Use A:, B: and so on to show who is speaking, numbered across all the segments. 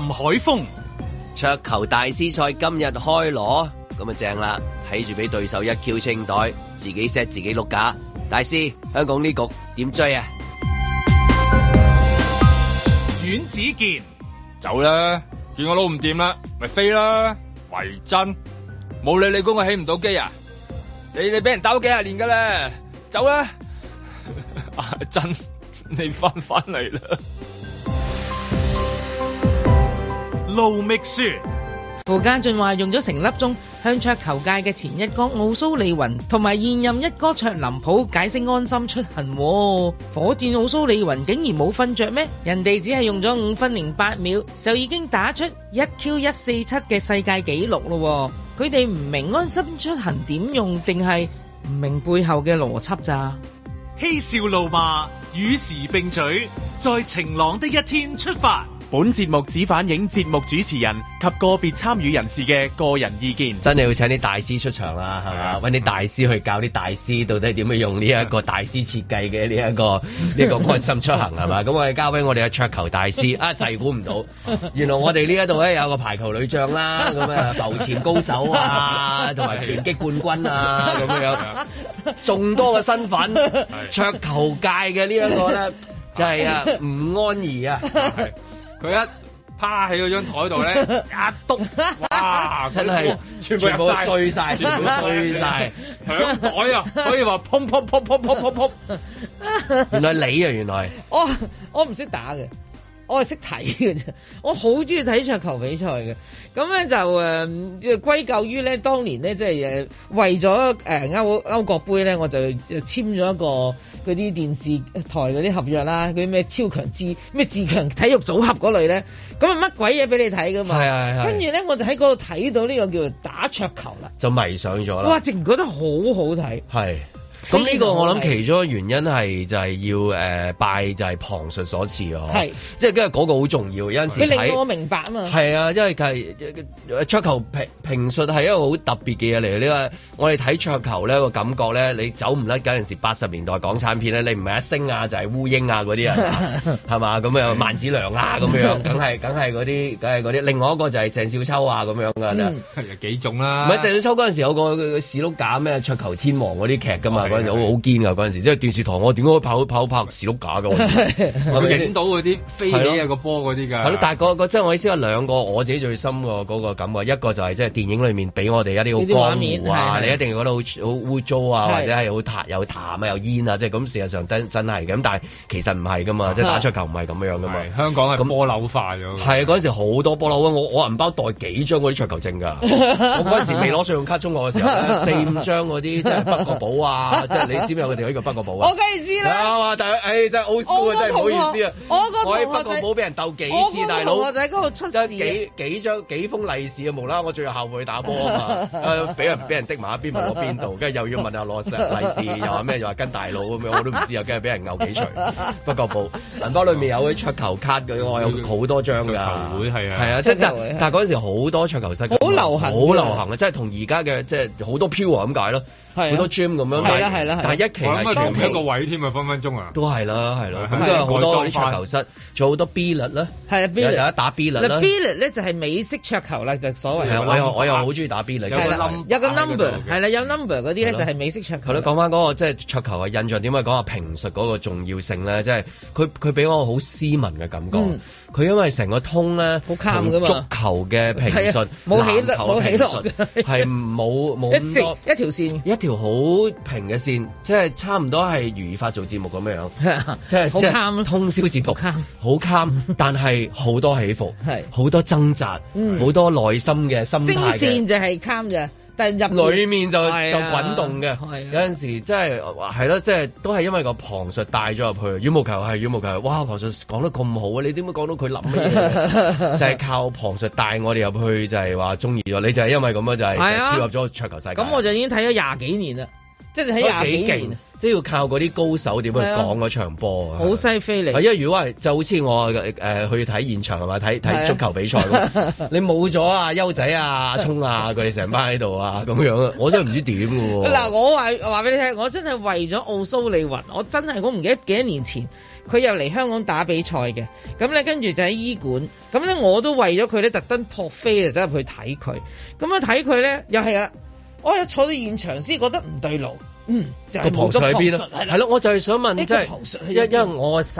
A: 林海峰，桌球大師賽今日開鑼，咁啊正啦，睇住俾對手一 Q 清袋，自己 set 自己碌架。大師，香港呢局點追啊？
B: 阮子健，走啦！見我撈唔掂啦，咪飛啦！維真，冇理你，估我起唔到機啊！你哋俾人鬥幾廿年噶啦，走啦！ 阿珍，你翻翻嚟
C: 啦！盧覓雪，傅家俊話用咗成粒鐘向桌球界嘅前一哥奧蘇利雲同埋現任一哥卓林普解釋安心出行。火箭奧蘇利雲竟然冇瞓着咩？人哋只係用咗五分零八秒就已經打出一 Q 一四七嘅世界紀錄咯。佢哋唔明安心出行點用，定係唔明背後嘅邏輯咋？
D: 嬉笑怒罵與時並舉，在晴朗的一天出發。
C: 本節目只反映節目主持人及個別
A: 參與人士嘅個人意見。真係要請啲大師出場啦，係嘛？搵啲大師去教啲大師到底點樣用呢一個大師設計嘅呢一個呢 個安心出行，係嘛？咁我哋交俾我哋嘅桌球大師啊，就係估唔到，原來我哋呢一度咧有個排球女將啦，咁啊球前高手啊，同埋拳擊冠軍啊，咁樣樣，眾多嘅身份 是桌球界嘅呢一個咧就係、是、啊吳安怡啊。
B: 佢一趴喺嗰張台度咧，一、啊、篤，
C: 哇！真係全部碎晒，全部碎晒，碎曬，台啊！ 可以話砰砰砰砰砰砰砰，砰， 原來你啊，原來我我唔識打嘅。我係識睇嘅啫，我好中意睇桌球比賽嘅。咁咧就誒，嗯、就歸咎於咧，當年咧即係誒，就是、為咗誒歐歐國杯咧，我就簽咗一個嗰啲電視台嗰啲合約啦，嗰啲咩超強自咩自強體育組合嗰類咧，咁啊乜鬼嘢俾你睇㗎嘛？係係係。跟住咧，我就喺嗰度睇到呢個叫做打桌球啦，
A: 就迷上咗啦。哇！
C: 直唔覺得好好睇？係。咁呢個我諗其
A: 中嘅原因係就係要誒拜就係旁述所賜喎，係，即係跟住嗰個好重要，有陣時你睇令我
C: 明白啊嘛，係
A: 啊，因為係桌球評述係一個好特別嘅嘢嚟。呢個我哋睇桌球咧個感覺咧，你走唔甩。有陣時八十年代港產片咧，你唔係一星啊，就係、是、烏蠅啊嗰啲人係嘛，咁 樣萬梓良啊咁樣，梗係梗係嗰啲梗係嗰啲。另外一個就係鄭少秋啊咁樣㗎，就幾種啦。唔係鄭少秋嗰陣時有個個士碌架咩桌球天王嗰啲劇㗎嘛。嗰陣 時好堅㗎，嗰陣時即係、就是、電視台我，我點解會跑跑拍士碌架㗎？我影
B: 到嗰啲飛起
A: 個波嗰啲㗎。係咯， 但係個個即係我意思話兩個我自己最深喎。嗰個感覺，一個就係即係電影裏面俾我哋一啲好江湖啊，你一定要覺得好污糟啊，的或者係好淡又淡啊又煙啊，即係咁事實上真的真係咁，但係其實唔係㗎嘛，即係打桌球唔係咁樣㗎嘛。香港係波樓化咁。係啊，嗰陣時好多波樓啊！我我銀包袋幾張嗰啲桌球證㗎。我嗰陣時未攞信用卡中我嘅時候四五張嗰啲即係北國寶啊。即係你知唔知我哋喺個北國寶？我梗係知啦！啊但係誒真係好高啊！真係唔好意思啊！我喺北國寶俾人鬥幾次大佬，我喺
C: 嗰度出幾
A: 幾張幾封利是啊！無啦，我最後後悔打波啊嘛！誒，俾人俾人的埋一邊，唔攞邊度，跟住又要問下攞利是，又話咩？又話跟大佬咁樣，我都唔知啊！跟住俾人牛幾除北國寶，銀包裡面有啲桌球卡嘅，我有好多張噶。桌球會係啊，係啊，即係但係嗰陣時好多桌球室，好流行，好流行啊！即係同而家嘅即係好多漂啊咁解咯。好多 gym 咁樣，但係一期係一個位添啊，分分鐘啊，都係啦，係啦，咁都好多做啲桌球室，做好多 billard 啦，
C: 係啊 billard
A: 打 billard billard
C: 咧，就係美式桌球啦，就所謂，我又我又好
A: 中意打 billard
C: 有個 number 係啦，有 number 嗰啲咧就係美式桌球。講
A: 翻嗰個即係桌球嘅印象點啊？講下評述嗰個重要性咧，即係佢佢俾我好斯文嘅感覺。佢因為成個通咧，足球嘅評述，冇起落，冇係冇一條一條線一好平嘅線，即係差唔多係如法做節目咁樣樣， 即係好係通宵節目，好 calm，但係好多起伏，係好是多掙扎，好、嗯、多內心嘅心態，線
C: 就係 calm 嘅。入裡面就就滾動
A: 嘅，啊啊、有陣時即係係咯，即係、啊就是、都係因為個旁述帶咗入去。羽毛球係羽毛球，哇旁述講得咁好啊！你點解講到佢諗嘅嘢？ 就係靠旁述帶我哋入去，就係話中意咗。你就係因為咁、就是、啊，就係跳入咗桌球世界。咁我
C: 就已經睇咗廿幾年啦。即係喺廿幾勁，
A: 即係要靠嗰啲高手點去講嗰場波啊！好犀飛利，因為如果係就好似我、呃、去睇現場係嘛，睇睇足球比賽你冇咗啊，優仔啊、阿聰啊佢哋成班喺度啊咁樣，我都唔知點喎。嗱
C: 我話話俾你聽，我真係為咗奧蘇利雲，我真係我唔記得幾多年前佢又嚟香港打比賽嘅，咁咧跟住就喺醫館，咁咧我都為咗佢咧特登撲飛就走入去睇佢，咁樣睇佢咧又係啊！我一坐到現場先覺得唔對路，嗯。個旁述喺邊咯，係咯，我就係想問，即係旁述，因因
A: 為我係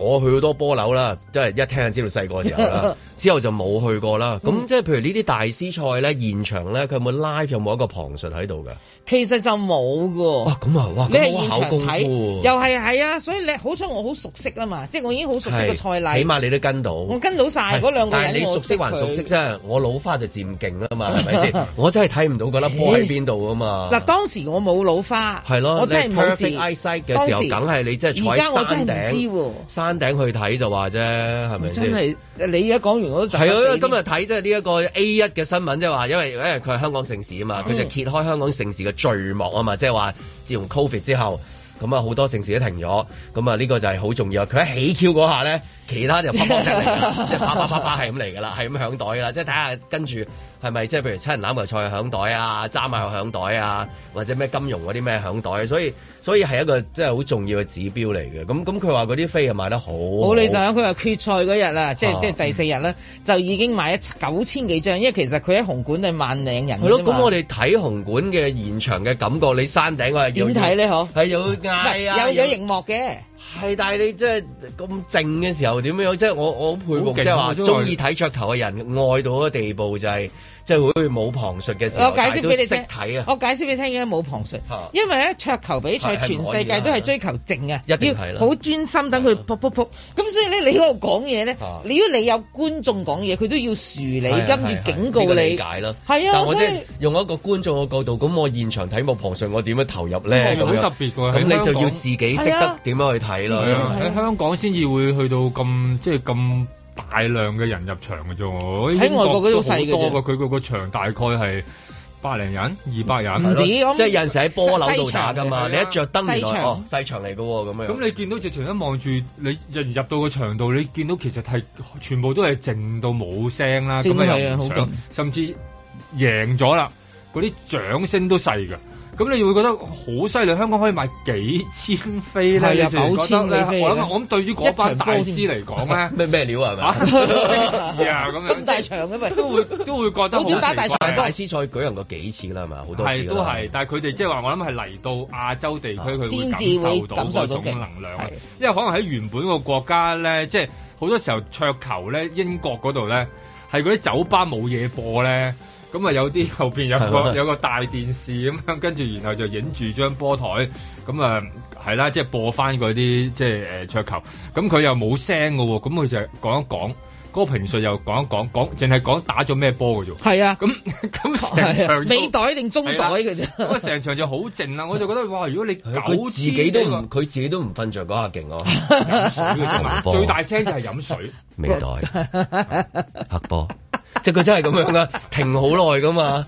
A: 我去好多波樓啦，即係一聽就知道細個時候啦。之後就冇去過啦。咁即係譬如呢啲大師賽咧，現場咧佢有冇 live 有冇一個旁述喺度㗎？
C: 其實就冇
A: 㗎。咁啊，哇，咁好考功夫，又係
C: 係啊。所以你好彩我好熟悉啦嘛，即係我已經好熟悉嘅菜例，起碼
A: 你都跟到，我
C: 跟到晒嗰兩個人。但係你熟悉還熟悉
A: 啫，我老花就漸勁啊嘛，係咪先？我真係睇唔到嗰粒波喺邊度啊嘛。嗱，
C: 當時我冇老花。
A: 我真係唔知，當時。
C: 時候當時，梗
A: 係你真係坐喺山頂。山頂去睇就話啫，係咪先？
C: 真係，你而家講完我都。係咯，
A: 今日睇即係呢一個 A 一嘅新聞，即係話，因為誒佢係香港盛事啊嘛，佢就揭開香港盛事嘅序幕啊嘛，即係話自從 Covid 之後。咁啊好多城市都停咗，咁啊呢個就係好重要。佢喺起 Q 嗰下咧，其他就啪啪聲即係 啪啪啪啪係咁嚟噶啦，係咁 響袋噶啦。即係睇下跟住係咪即係譬如七人欖球賽響袋啊，渣馬響袋啊，或者咩金融嗰啲咩響袋。所以所以係一個即係好重要嘅指標嚟嘅。咁咁佢話嗰啲飛係賣得好，好理想。
C: 佢話決賽嗰日啦，即係、啊、即係第四日咧，就已經賣咗九千幾張。因為其實佢喺紅館定萬零人係咯。咁我
A: 哋睇紅館嘅現場嘅感覺，你山頂嗰日點睇咧？嗬，係有。係啊，有有
C: 熒幕嘅，係，但係你即係咁靜
A: 嘅時候點樣？即係我我好佩服，即係話中意睇桌球嘅人愛到嗰個地步就係、是。即係會冇旁述嘅時候，大家都識睇啊！我
C: 解釋俾你聽，冇旁述，因為咧桌球比賽全世界都係追求靜嘅，入邊好專心等佢撲撲撲。咁所以咧，你喺度講嘢咧，如果你有觀眾講嘢，佢都要勸你跟住警告你，係啊！但我即係
A: 用一個觀眾嘅角度，咁我現場睇冇旁述，我點樣投入咧？好特別㗎！咁你就要自己識得點樣去睇啦。喺
B: 香港先至會去到咁即係咁。大量嘅人入場㗎。啫喎，喺外國嗰啲好細嘅佢個個場大概係百零人、二百人唔止、嗯、即係有陣
A: 時喺波樓度打㗎嘛。你一着燈嚟，細場細、哦、場嚟嘅喎咁樣。咁你
B: 見到直情一望住，你人入到個場度，你見到其實係全部都係靜到冇聲啦。咁係啊，甚至贏咗啦，嗰啲掌聲都細㗎。咁你會覺得好犀利，香港可以賣幾千飛呢？九千飛？我諗我諗對於嗰班大師嚟講咧，
A: 咩咩料係咪？係啊，咁樣
B: 咁大場咪都會覺得好少。打大場大師
A: 賽舉行過幾次啦，係嘛？好多係都係，但係佢哋即係話我諗係嚟到
B: 亞洲地區佢會感受到嗰種能量，因
A: 為可能喺原本個國家呢，
B: 即係好多時候桌球呢，英國嗰度呢，係嗰啲酒吧冇嘢播呢。咁啊，有啲後面有個的有個大電視咁樣，跟住然後就影住張波台，咁啊，係啦，即係播翻嗰啲即係誒桌球，咁佢又冇聲㗎喎，咁佢就講一講，嗰、那個評述又講一講，講淨係講打咗咩波㗎啫，
C: 係啊的，咁咁成場尾袋定中袋嘅啫，咁
A: 成場就好靜啦，我就覺得哇，如果你搞自己都唔佢自己都唔瞓着嗰下勁喎，
C: 球最大
B: 聲就係飲水，尾袋
A: 黑波。即係佢真係咁樣噶，停好耐噶嘛。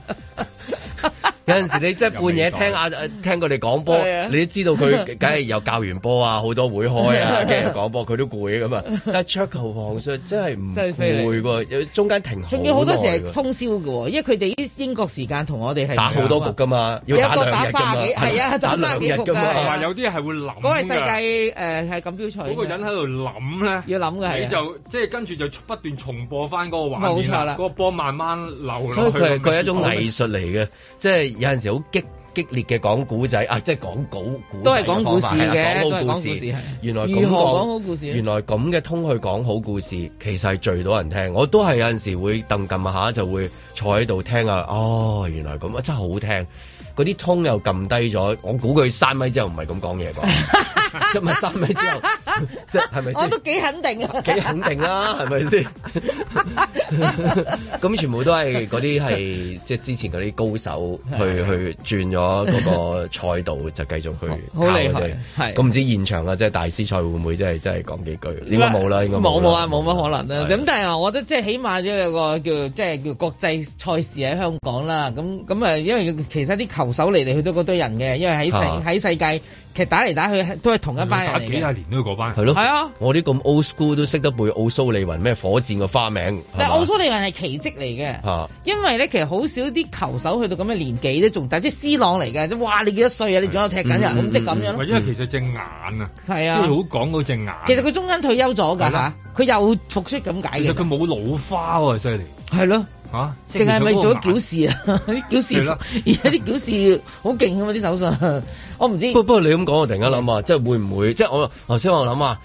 A: 有陣時你即係半夜聽下、啊，聽佢哋講波，你都知道佢梗係有教完波啊，好多會開啊，聽人講波佢都攰嘅嘛。一出球房，所以真係唔會喎。有中間停，仲要好多時係通
C: 宵嘅喎，因為佢哋英國時間我同我哋係打好多局㗎嘛，要打三日㗎。係啊，打幾日㗎。同埋有啲係會諗。嗰個世界係錦標賽。嗰、呃、個人喺度諗咧，要
B: 諗嘅、啊。你就即係、就係、跟住就不斷重播翻嗰個畫面。冇錯啦，嗰個波慢慢流去。所以佢佢係一種藝
A: 術嚟嘅，即係。有陣時好激激烈嘅講古仔啊，即係講古，都係講故事嘅，講好故事。故事原來如何講好故事？原來咁嘅通去講好故事，其實係聚到人聽。我都係有陣時會噔撳下，就會坐喺度聽啊。哦，原來咁，真係好聽。嗰啲通又撳低咗，我估佢三米之後唔係咁講嘢啩，
C: 一咪三米之後，
A: 即係咪先？我都
C: 幾肯定，幾肯定啦，係
A: 咪先？咁全部都係嗰啲係即係之前嗰啲高手去去轉咗嗰個賽道就繼續去好厲害，咁唔知現場啊，即係大師賽會唔會即係真係講幾句？應該冇啦，應該冇冇啊，冇乜可能啦。咁
C: 但係我覺得即係起碼有個叫即係叫國際賽事喺香港啦。咁咁啊，因為其實啲球手嚟嚟去到嗰堆人嘅，因為喺成喺世界，其實打嚟打去都係同一班人。幾廿
A: 年都係嗰班。係咯。係啊。我啲咁 old school 都識得背奧蘇利雲咩火箭嘅花名。但係
C: 奧蘇利雲係奇蹟嚟嘅。因為咧，其實好少啲球手去到咁嘅年紀都仲打，即係 C 朗嚟嘅，你話你幾多歲啊？你仲有踢緊人？咁即咁樣。因為其
B: 實隻眼啊。係啊。即好講到隻眼。其實佢
C: 中間退休咗噶吓，佢又復出咁解嘅。其實佢冇老花，犀利。係咯。嚇，淨係咪做咗詛事啊？啲詛事，而家啲詛事好勁咁啊！啲手信，我唔知，不不
A: 不過你咁講，我突然間諗下，是 即係會唔會？即係我頭先我諗下。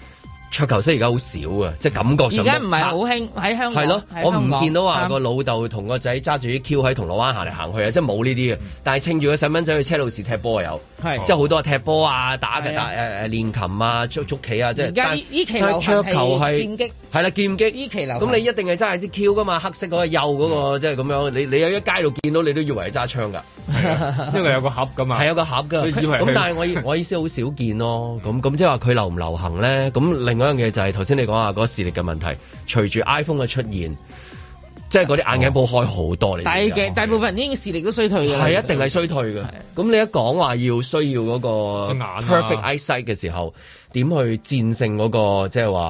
A: 桌球室而家好少啊，即係感覺上而家唔係
C: 好興喺香港。係咯，我唔見到話個
A: 老豆同個仔揸住啲 Q 喺銅鑼灣行嚟行去啊，即係冇呢啲啊。但係趁住個細蚊仔去車路士踢波啊，有。即係好多踢波啊，打嘅打誒練琴啊，捉棋啊，即係。而家依依桌球係劍擊，係啦劍擊依期。咁你一定係揸係支 Q 噶嘛？黑色嗰個右嗰個，即係咁樣。你你喺一街度見到你都以為係揸槍㗎。 啊、因為有個盒噶嘛，係有個盒噶。咁他但係我我意思好少見咯。咁咁即係話佢流唔流行咧？咁另外一樣嘢就係頭先你講啊嗰個視力嘅問題，隨住 iPhone 嘅出現，即係嗰啲眼鏡鋪開好多，哦、你大嘅
C: 大部分已經視力都衰退嘅，係是一定係衰退嘅。
A: 咁的你一講話要需要嗰個，啊、perfect eyesight 嘅時候，點去戰勝嗰個即係話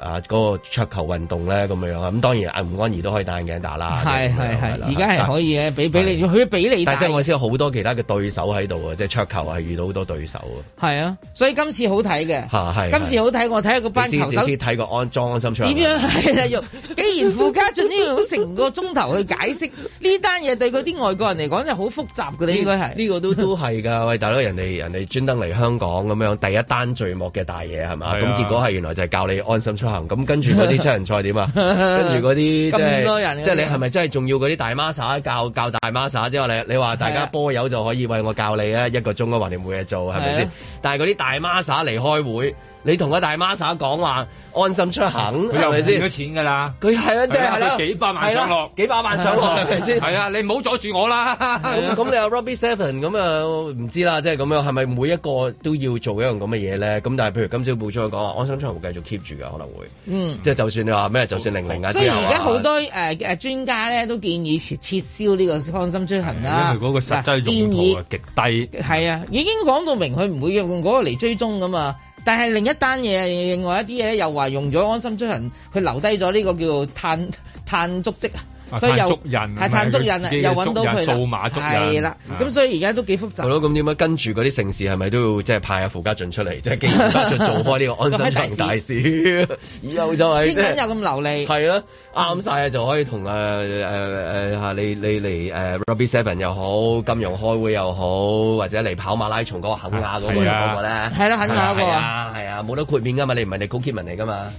A: 啊嗰個桌球運動咧咁樣啊？咁當然阿吳安儀都可以戴眼鏡打啦。係係係，而家係可
C: 以俾俾你俾比你。但係即係
A: 我先有好多其他嘅對手喺度啊！即係桌球係遇到好多對手
C: 啊。係啊，所以今次好睇嘅
A: 吓係，今次好
C: 睇我睇下個班球手先
A: 睇個安裝心出。點樣
C: 係啊？用既然傅家俊呢樣成個鐘頭去解釋呢單嘢，對嗰啲外國人嚟講真係好複雜噶咧。應該
A: 係呢個都都係噶。喂，大佬，人哋人哋專登嚟香港咁樣，第一單序幕。嘅大嘢係嘛？咁結果係原來就係教你安心出行。咁跟住嗰啲七人賽點啊？跟住嗰啲咁多人，即係你係咪真係仲要嗰啲大 master 教教大 master 之後你你話大家波友就可以為我教你啊一個鐘都話你冇嘢做係咪先？但係嗰啲大 master 嚟開會，你同嗰大 master 講話安心出行佢又咪先？幾多錢㗎啦？佢係啊，即係幾百萬上落，幾百萬上落係咪先？係啊，
B: 你唔好阻住我啦！咁
A: 你有 Robbie Seven 咁啊唔知啦，即係咁樣係咪每一個都要做一樣咁嘅嘢咧？咁譬如今朝報章講話安心出行會繼續 keep 住嘅，可能會，嗯，即係就算你話咩，就算零零，所以而家好多
C: 誒誒、呃、專家咧都建議撤銷呢個安心出行啦、啊，因為嗰個實際用途
A: 建議極低。
C: 係啊，已經講到明佢唔會用嗰個嚟追蹤㗎嘛。但係另一單嘢，另外一啲嘢咧又話用咗安心出行，佢留低咗呢個叫做碳碳足跡啊。所以又係燙足人，係探捉人又揾到佢啦，係啦。咁所以而家都幾複雜。係咯、啊，
A: 咁點解跟住嗰啲城市係咪都要即係派阿傅家俊出嚟即係傅家俊做開呢個安心城大使？然 大 後就係邊間又咁流利？係啦，啱晒啊，就可以同誒、呃呃呃、你你嚟誒、呃、Rugby 7又好，金融開會又好，或者嚟跑馬拉松嗰個肯亞嗰個嗰個咧？係啦，肯亞嗰個啊，係啊，冇得豁免㗎嘛，你唔係你高見文嚟㗎嘛。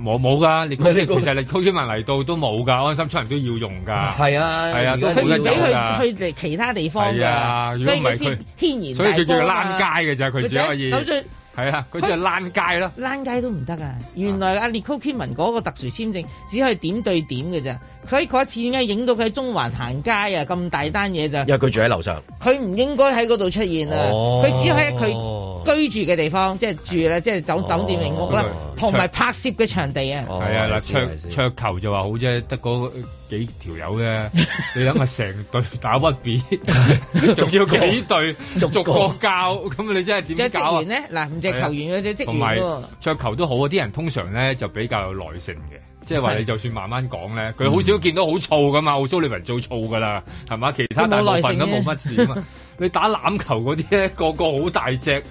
A: 冇冇噶，你即其實你高級民嚟到都冇噶，安心出行都要用噶。係啊，
B: 係啊，都冇得走㗎。佢去，
C: 去其他地方㗎，啊、如果所以先天然嚟所以佢叫佢躝街㗎係佢只可以。走走係啊，佢就係躝街啦，爛街都唔得啊！原來阿列 m e n 嗰個特殊簽證只係點對點嘅啫，佢喺嗰一次解影到佢喺中環行街啊，咁大單嘢就因為佢
A: 住喺樓上，
C: 佢唔應該喺嗰度出現啊！佢只喺佢居住嘅地方，即係住啦，即係酒酒店嘅屋啦，同埋拍攝嘅場地啊！係啊，嗱桌桌
B: 球就話好啫，得嗰。幾條友嘅， 你諗下成隊打屈扁，仲 要幾隊逐 逐個
C: 教，咁你真係點教啊？嗱，唔只球員，對唔只職員。
B: 桌球都好啊，啲人通常咧就比較有耐性嘅，即係話你就算慢慢講咧，佢好是少見到好燥噶嘛。奧蘇 利文做燥噶啦，係嘛？其他大部分都冇乜事啊嘛。你 打籃球嗰啲咧，個個好大隻，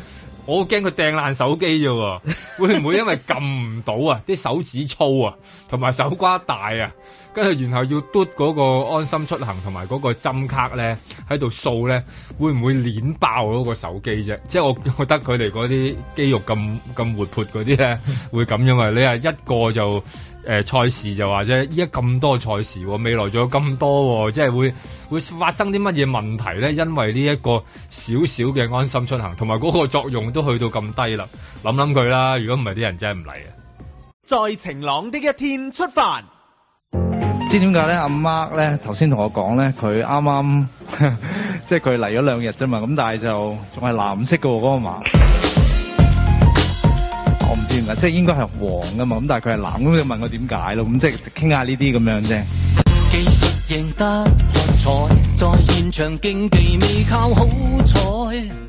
B: 我驚佢掟爛手機啫，會唔會因為撳唔到啊？啲手指粗啊，同埋手瓜大啊？跟住，然後要嘟嗰個安心出行同埋嗰個針卡咧，喺度掃咧，會唔會捻爆嗰個手機啫？即係我，我覺得佢哋嗰啲肌肉咁咁活潑嗰啲咧，會咁因為你係一個就誒賽、呃、事就話啫，依家咁多賽事、哦，未來仲有咁多、哦，即係會會發生啲乜嘢問題咧？因為呢一個少少嘅安心出行同埋嗰個作用都去到咁低想想啦，諗諗佢啦。如果唔係，啲人真係唔嚟
D: 啊！在晴朗的一天出發。
B: 知點解呢？阿 Mark 呢，頭先同我講呢，佢啱啱即係佢嚟咗兩日啫嘛，咁但係就仲係藍色嘅喎，嗰個馬，我唔知點解，即係應該係黃㗎嘛，咁但係佢係藍，咁你問我點解咯，咁即係傾下呢啲咁樣啫。得現場競技未靠好彩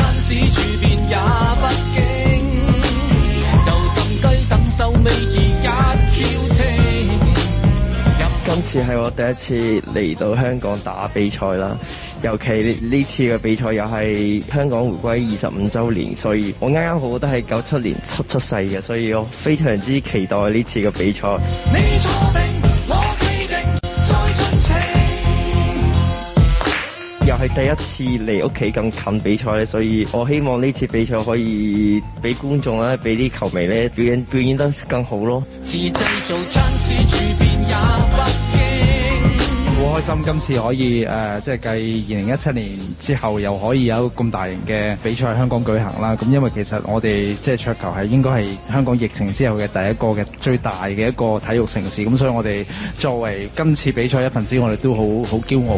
A: 今次係我第一次嚟到香港打比賽啦，尤其呢次嘅比賽又係香港回歸二十五周年，所以我啱啱好都喺九七年七出世嘅，所以我非常之期待呢次嘅比賽。你係第一次嚟屋企咁近比賽咧，所以我希望呢次比賽可以俾觀眾咧、俾啲球迷咧表演表演得更好咯。
E: 好
A: 開心今次
B: 可以、呃、即係繼二零一七年之後又可以有咁大型嘅比賽喺香港舉行啦。咁因為其實我哋即係桌球係應該係香港疫情之後嘅第一個嘅最大嘅一個體育城市，咁所以我哋作為今次比賽一份子，我哋都好好驕
D: 傲。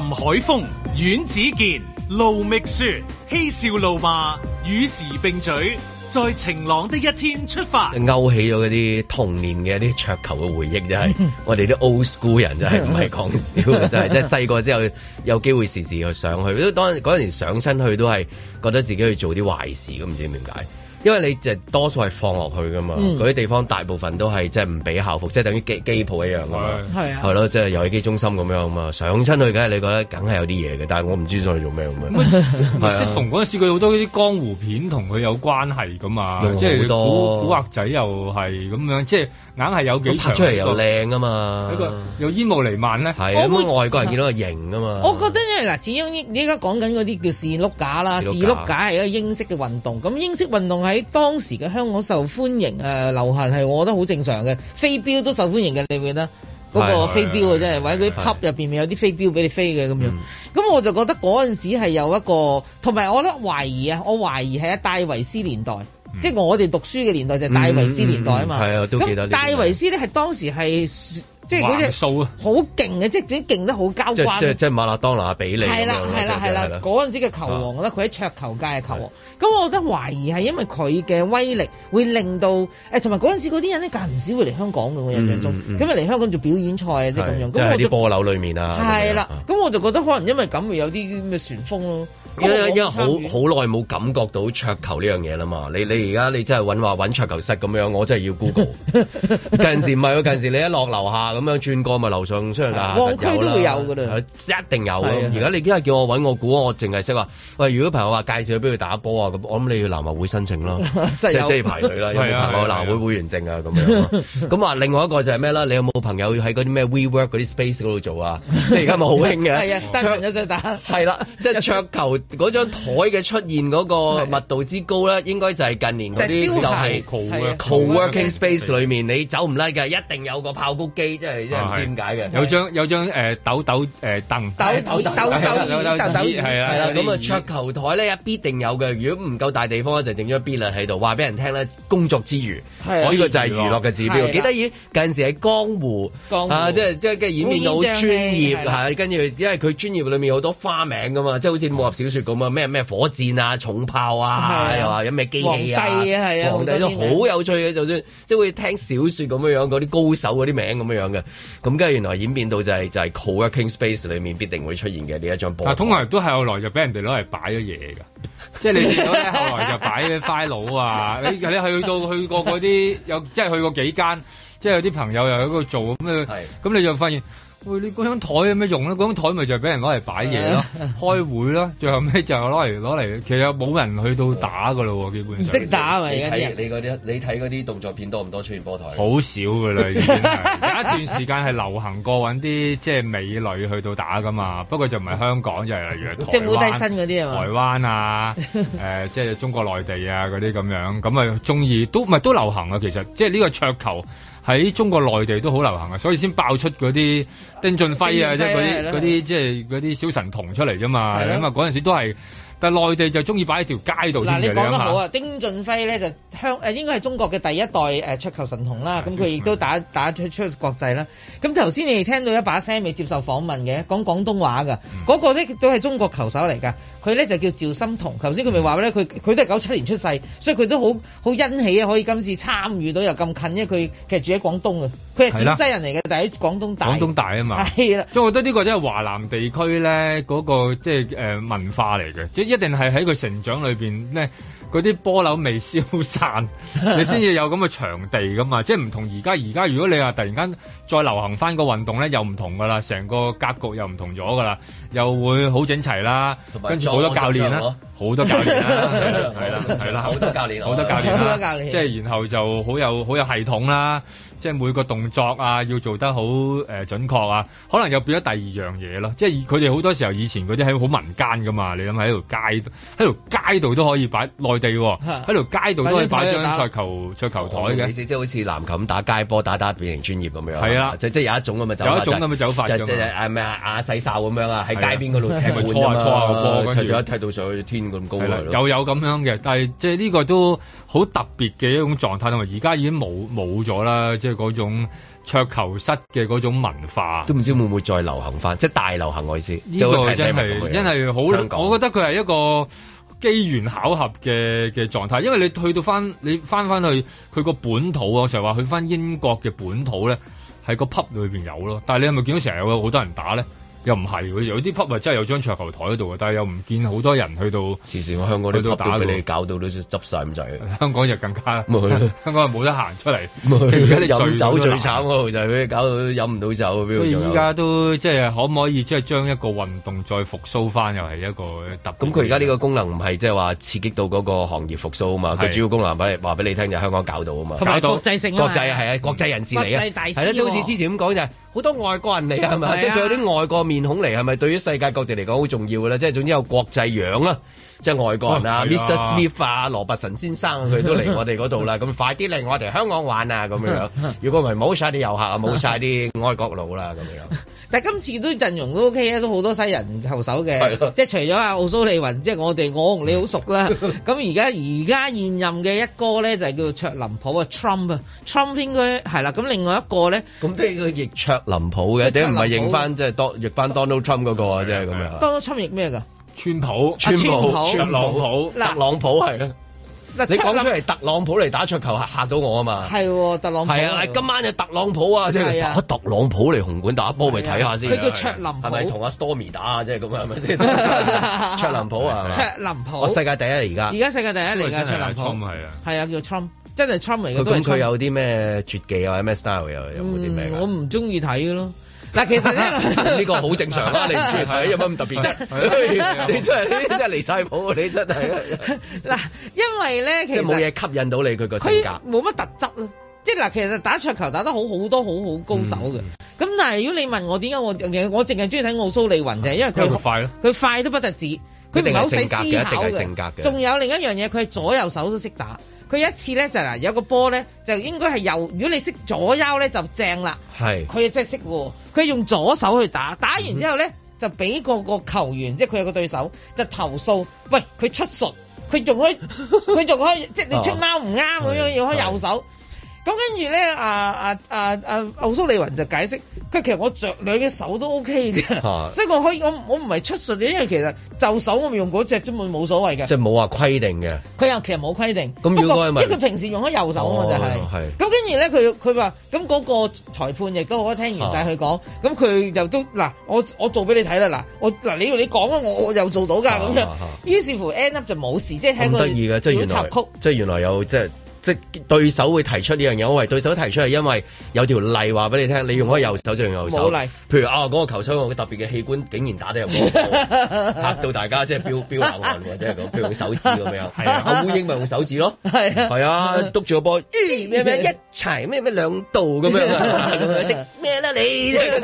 D: 林海峰、阮子健、盧覓雪、嬉笑怒罵，與時並舉，在晴朗的一天出
A: 發。勾起咗嗰啲童年嘅一啲桌球嘅回憶，就係、是、我哋啲 old school 人就係唔係講笑，是 就係即係細個之後有機會時時去上去，都當嗰陣時上身去都係覺得自己去做啲壞事，都唔知點解。因為你就多數係放落去㗎嘛，嗰啲、嗯、地方大部分都係即係唔俾校服，即、就、係、是、等於機機鋪一樣㗎嘛，係是啊，係咯，即係遊戲機中心咁樣啊嘛，上親去，梗係你覺得，梗係有啲嘢嘅。但係我唔知去做咩咁樣。你識馴
B: 嗰陣時佢好多嗰啲江湖片同佢有關係㗎嘛，即係好多古惑仔又係咁樣，即係硬係有幾長個。拍出嚟又靚啊嘛，一個有煙霧瀰漫咧，啊、我覺會外國人見到個型啊嘛。我
C: 覺得咧，嗱，始終你而家講緊嗰啲叫士碌架啦，士碌架係一個英式嘅運動，咁英式運動係。喺當時嘅香港受歡迎、呃、流行係，我覺得好正常嘅。飛鏢都受歡迎嘅，你記唔記得嗰個飛鏢嘅真係，或者嗰啲 pub 入面有啲飛鏢俾你飛嘅咁樣。咁我就覺得嗰陣時係有一個，同埋我覺得懷疑啊，我懷疑係一戴維斯年代，嗯、即係我哋讀書嘅年代就戴維斯年代啊嘛。係啊、嗯嗯嗯嗯，都記得。咁戴維斯咧係當時係。即係嗰啲數好勁嘅，即係總之勁得好交關。即係即係即
A: 係馬拉當拿比利。係啦係啦係啦。嗰
C: 陣時嘅球王，我覺得佢喺桌球界嘅球王。咁我覺得懷疑係因為佢嘅威力會令到誒，同埋嗰陣時嗰啲人咧，較唔少會嚟香港嘅。我印象中咁啊嚟香港做表演賽啊，即係咁樣。即係喺啲
A: 波樓裏面啊。係
C: 啦，咁我就覺得可能因為咁會有啲嘅旋風咯。因因為好好
A: 耐冇感覺到桌球呢樣嘢啦嘛。你你而家你真係揾話揾桌球室咁樣，我真係要 Google。近時唔係喎，近時你一落樓下。咁樣轉過咪樓上出去都會有啦。一定有㗎。而家你今日叫我揾我估，我淨係識話。喂，如果朋友話介紹佢俾佢打波啊，咁我諗你要南華會申請咯，即係即係排隊啦。因為朋友南會會員證啊咁樣。咁啊，另外一個就係咩啦？你有冇朋友喺嗰啲咩 WeWork 嗰啲 space 嗰度做啊？即係而家咪好興嘅。係啊，桌球想打。係啦，即係桌球嗰張台嘅出現嗰個密度之高咧，應該就係近年嗰啲就係 coworking space 裏面你走唔甩嘅，一定有個爆谷機即係唔知點解嘅，有張有張誒抖抖誒凳，抖抖抖抖抖抖，係啦。咁啊桌球台咧一定有嘅。如果唔夠大地方咧，就整咗一 B 啦喺度，話俾人聽咧。工作之餘，我呢個就係娛樂嘅指標。幾得意？有陣時喺江湖，江湖即係即係演變到好專業，跟住因為佢專業裏面好多花名噶嘛，即係好似武俠小説咁啊，咩咩火箭啊、重炮啊，又話有咩機器啊，係啊，係啊。好有趣嘅。就算即係會聽小説咁樣樣，嗰啲高手嗰啲名咁樣樣嘅。咁跟住原來演變到就係、是、就係、是、co-working space 裏面必定會出現嘅呢一張布。但係通常都係後來就俾人哋攞嚟擺咗嘢㗎， 即
B: 係你見到呢，後來
A: 就擺 file 啊， 你你
B: 去到去過嗰啲有即係去過幾間，即係有啲朋友又喺嗰度做咁啊，咁是你就發現。你嗰張台有咩用咧？嗰張台咪就係俾人攞嚟擺嘢咯， 開會咯，最後尾就攞嚟攞嚟，其實冇人去到打噶咯，基本
A: 上唔、就、識、是、打咪。你睇你嗰啲，你
B: 睇啲動作片多唔
A: 多出現波台？
B: 好少噶啦，已經有 一段時間係流行過揾啲即係美女去到打噶嘛。不過就唔係香港，就 例如台灣 即係好低身嗰啲啊嘛。台灣啊，誒、呃，即係中國內地啊嗰啲咁樣，咁啊中意都唔係都流行啊。其實即係呢個桌球。喺中國內地都好流行啊，所以先爆出嗰啲丁俊暉啊，即係嗰啲嗰啲即係嗰啲小神童出嚟啫嘛，咁啊的，嗰陣時都係。但係內地就中意擺喺條街度。嗱，你講得好啊！
C: 下丁俊暉咧就香誒，應該係中國嘅第一代誒桌、呃、球神童啦。咁佢亦都打打出出國際啦。咁頭先你哋聽到一把聲未接受訪問嘅，講廣東話㗎。嗰、嗯、個咧都係中國球手嚟㗎。佢咧就叫趙心童。頭先佢咪話咧，佢佢、嗯、都係九七年出世，所以佢都好好欣喜啊！可以今次參與到又咁近，因為佢其實住喺廣東啊。佢係陝西人嚟嘅，的但係喺廣東大。廣東
B: 大啊嘛。係啦的。所以我覺得呢個真係華南地區咧、那、嗰個即係誒文化嚟嘅。一定係喺佢成長裏邊，咧，嗰啲波樓未消散，你先至有咁嘅場地噶嘛。即係唔同而家，而家如果你話突然間再流行翻個運動咧，又唔同噶啦，成個格局又唔同咗噶啦，又會好整齊啦，跟住好多教練啦，好多教練啦，係啦係啦，好多教練，好多教練啦，即係然後就好有好有系統啦。即係每個動作啊，要做得好誒準確啊，可能又變咗第二樣嘢咯。即係佢哋好多時候以前嗰啲係好民間㗎嘛，你諗喺條街
A: 度，喺條街度都可以擺內地喎，
B: 喺條街度都可以擺張桌
A: 球、桌球台嘅。意思即係好似籃球咁打街波，打打變成專業咁樣。係啦，即係即係有一種咁嘅走法，有一種咁嘅走法，就係咩啊？亞細哨咁樣啊，喺街邊嗰度踢換啫嘛。錯啊，錯啊，踢到一踢到上去天咁高又
B: 有咁樣嘅，但係即係呢個都好特別嘅一種狀態，同埋而家已經冇冇咗啦。佢係嗰種桌球室嘅嗰種文化，都唔知會
A: 唔會再流行翻，嗯、即係大流行我意思。呢個真係真係好，港我覺
B: 得佢係一個機緣巧合嘅嘅狀態。因為你去到翻，你翻翻去佢個本土啊，成日話去翻英國嘅本土咧，係個 pub 裏邊有咯。但係你係咪見到成日有好多人打咧？又唔係，有啲 club 咪真係有張桌球台喺度，但係又唔見好多人去到。
A: 其時我香港都 club 俾你搞到都執晒咁滯。
B: 香港就更加，香港就冇得行出嚟。而家啲飲酒最
A: 慘喎，就係俾你搞到飲唔到酒。所以依家
B: 都即係可唔可以即係將一個運動再復甦翻？又係一個特別。咁佢而家
A: 呢個功能唔係即係話刺激到嗰個行業復甦啊嘛？佢主要功能係話俾你聽，就香港搞到啊嘛，搞到國際性啊嘛，係啊，國際人士嚟啊，國際大師。係啦，即係好似之前咁講就係好多外國人嚟啊咪？即係佢有啲外國面面孔嚟，係咪對於世界各地嚟講好重要嘅咧？即係總之有國際樣啦。即係外國人啦、啊哦啊，Mr. Smith 啊，羅拔臣先生佢、啊、都嚟我哋嗰度啦，咁 快啲嚟我哋香港玩啊，咁樣如果唔係冇晒啲遊客，啊，冇晒啲外國佬啦、啊，咁樣。
C: 但今次都陣容都 OK 都好多西人後手嘅，啊、即係除咗阿奧蘇利雲，啊、即係我哋我同你好熟啦。咁而家而家現任嘅一哥咧就係叫卓林普啊，Trump 啊，Trump 應該係啦。咁、啊、另外一個咧，
A: 咁邊個譯卓林普嘅、啊。點唔係認翻即係譯翻 Donald Trump 嗰個啊？即係咁樣。Donald
C: Trump 譯咩㗎？
A: 川普、川普、特朗普、特朗普係啊！你講出嚟特朗普嚟打桌球嚇嚇到我啊嘛！係特朗普係啊！今晚就特朗普啊！即係特朗普嚟紅館打波，咪睇下先。佢叫卓林普係咪同阿 Stormy 打啊？即係咁樣啊？咪先
C: 卓林普啊？卓林普！我世界
A: 第一而家。而家世界第一嚟㗎卓林普
C: 係啊！係啊！叫 Trump，真係 Trump 嚟嘅。佢咁佢有
A: 啲咩絕技啊？或者咩 style 又有冇啲咩？
C: 我唔中意睇咯。嗱，其實咧，呢個好正常啦，你專睇有乜咁特別啫？你真係呢，真係離曬譜，你真係嗱，因為咧，其實冇嘢
A: 吸引到你佢個性格，
C: 冇乜特質咯。即嗱，其實打桌球打得好好多好好高手嘅。咁、嗯、但係如果你問我點解我我淨係中意睇奧蘇利雲就係因為佢快咯，佢快都不特止。一定係性格嘅，仲有另一樣嘢，佢係左右手都識打。佢一次咧就嗱、是，有個波咧就應該係右。如果你識左右咧就正啦。係是。佢又真係識喎，佢用左手去打，打完之後咧就俾個個球員，即係佢有個對手就投訴：，喂，佢出術，佢仲可以，佢仲可以， 即係你出貓唔啱咁樣要開右手。哦。咁跟住咧，阿阿阿阿奧蘇利雲就解釋，佢其實我著兩隻手都 OK 嘅，即的以我可以我我唔係出術，因為其實就手我用嗰隻，根本冇所謂嘅。即係
A: 冇話規定嘅，
C: 佢又其實冇規定。咁如果是是因為佢平時用開右手啊嘛、就係，就係、哦。咁跟住咧，佢佢話：，咁嗰個裁判亦都可聽完晒佢講，咁佢的又都嗱，我我做俾你睇啦，嗱，我嗱你要你講啊，我我又做到㗎，咁的樣。是的於是乎 end up 就冇事，即係喺個
A: 小插曲，即係原,原來有即係。即對手會提出呢樣嘢，因為對手提出係因為有條例話俾你聽，你用開右手就用右手。冇例，譬如啊嗰個球手，用個特別嘅器官，竟然打得入波，
F: 嚇到
A: 大家即係飆飆冷汗或者係咁，用手指咁樣。係啊，烏蠅咪用手指咯，係啊，篤住個波，咩咩一齊咩咩兩度咁樣，識
C: 咩啦你？對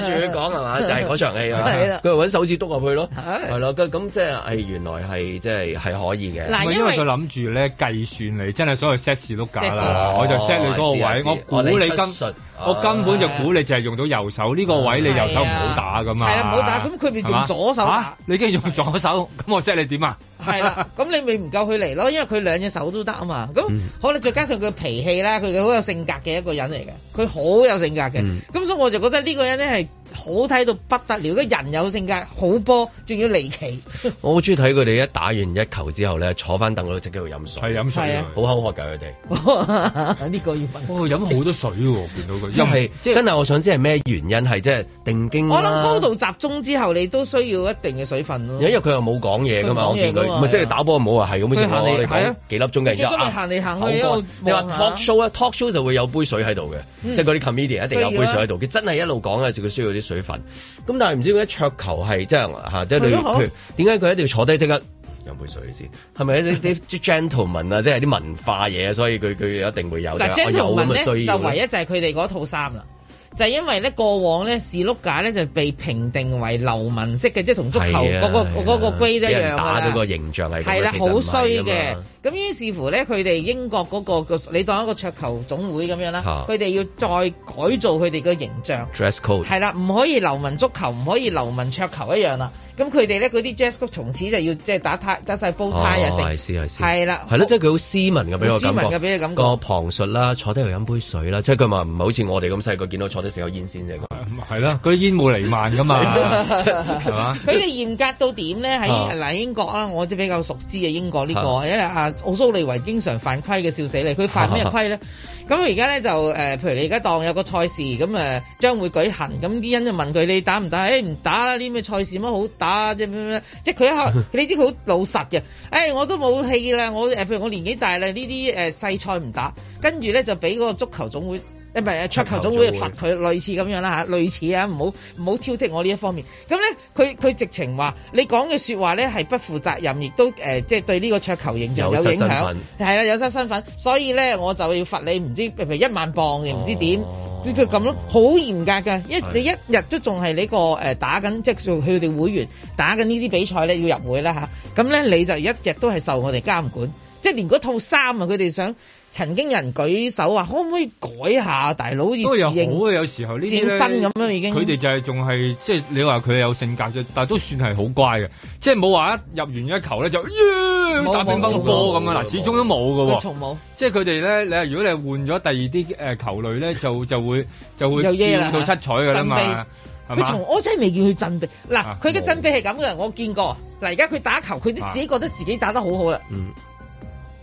C: 住佢講係嘛，就係嗰場戲。
A: 佢搵手指篤入去咯，係咯，咁即係係原來係即係係可以嘅。因為佢諗住咧計算你，真係所去 s s 啦，我就 set 你嗰個位，我估你今我根本就估
B: 你就係用到右手呢個位，你右手唔好打噶嘛。係啦，唔好打，咁佢咪用左手打。你梗係用左手，咁我 set 你點啊？
C: 係啦，咁你咪唔夠佢嚟咯，因為佢兩隻手都得啊嘛。咁可能再加上佢脾氣啦，佢好有性格嘅一個人嚟嘅，佢好有性格嘅。咁所以我就覺得呢個人咧係。好睇到不得了，嗰人有性格，好波，仲要離奇。
A: 我好中意睇佢哋一打完一球之後咧，坐翻凳嗰度直接去飲水。係飲水啊！好口渴㗎，佢哋。
B: 呢
A: 個要問。哦，飲好多水喎，見到佢。又係即真係，我想知係咩原因，係即係定
C: 驚。我諗高度集中之後，你都需要一定嘅水分咯。因為
A: 佢又冇講嘢㗎嘛，我見佢，唔係即係打波冇話係咁樣。行嚟行去幾粒鐘嘅，行嚟行去你話 talk show 咧，talk show 就會有杯水喺度嘅，即係嗰啲 comedian 一定有杯水喺度。佢真係一路講咧，就佢需要。啲水分咁但係唔知點解桌球係即係吓，即係你譬如點解佢一定要坐低即刻飲杯水先？係咪啲啲啲 gentleman 啊， 即係啲文化嘢，所以佢佢一定會有。嗱 gentleman 呢就唯一就係
C: 佢哋嗰套衫啦。就是因為咧過往咧士碌架咧就被評定為流民式嘅，即係同足球嗰、那個嗰個 grade 一樣打到個形象係，係啦的，好衰嘅。咁於是乎咧，佢哋英國嗰、那個你當一個桌球總會咁樣啦，佢哋、啊、要再改造佢哋個形象。啊、
A: dress code 係
C: 啦，唔可以流民足球，唔可以流民桌球一樣啦。咁佢哋咧嗰啲 dress code 從此就要即係打晒打，打煲呔啊，係啦、哦，
A: 係咯，即係佢好斯文嘅俾我斯文嘅俾嘅感覺。個感覺旁述啦，坐低又飲杯水啦，即係佢話唔係好似我哋咁細個見到坐。食個煙先啫，係咯，嗰啲 煙霧瀰
C: 漫噶嘛，係嘛 吧？佢哋嚴格到點咧？喺嗱英國啦， 我即比較熟知嘅英國呢、呢個， 因為阿奧蘇利維經常犯規嘅，笑死你！佢犯咩規咧？咁佢而家咧就誒，譬如你而家當有個賽事咁誒，將會舉行，咁啲人就問佢：你打唔打？誒、欸、唔打啦！啲咩賽事乜好打？即係即係佢一嚇，你知佢好老實嘅。誒、欸、我都冇氣啦，我譬如我年紀大啦，呢啲誒細賽唔打，跟住咧就俾嗰個足球總會。誒咪桌球總會罰佢類似咁樣啦嚇，類似啊，唔好唔好挑剔我呢一方面。咁咧，佢佢直情話你講嘅說話咧係不負責任，亦都誒即係對呢個桌球形象有影響，係啦，有失身份。所以咧，我就要罰你唔知譬如一萬鎊嘅，唔知點、哦、就咁咯，好嚴格嘅。的一你一日都仲係呢個誒打緊，即係做佢哋會員打緊呢啲比賽咧，要入會啦嚇。咁咧你就一日都係受我哋監管，即係連嗰套衫啊，佢哋想。曾經有人舉手話，可唔可以改下大佬？好
B: 似認認新咁樣已經。佢哋就係仲係即係你話佢有性格啫，但係都算係好乖嘅，即係冇話一入完一球咧就沒打乒乓波咁樣啦，始終都冇嘅喎。從冇，即係佢哋咧，你如果你換咗第二啲誒球類咧，就就會就會變到七彩嘅啦嘛。佢、 啊、吧從我
C: 真係未見佢振臂。嗱、啊，佢嘅振臂係咁嘅，我見過。嗱，而家佢打球，佢都自己覺得自己打得好好啦、啊。嗯。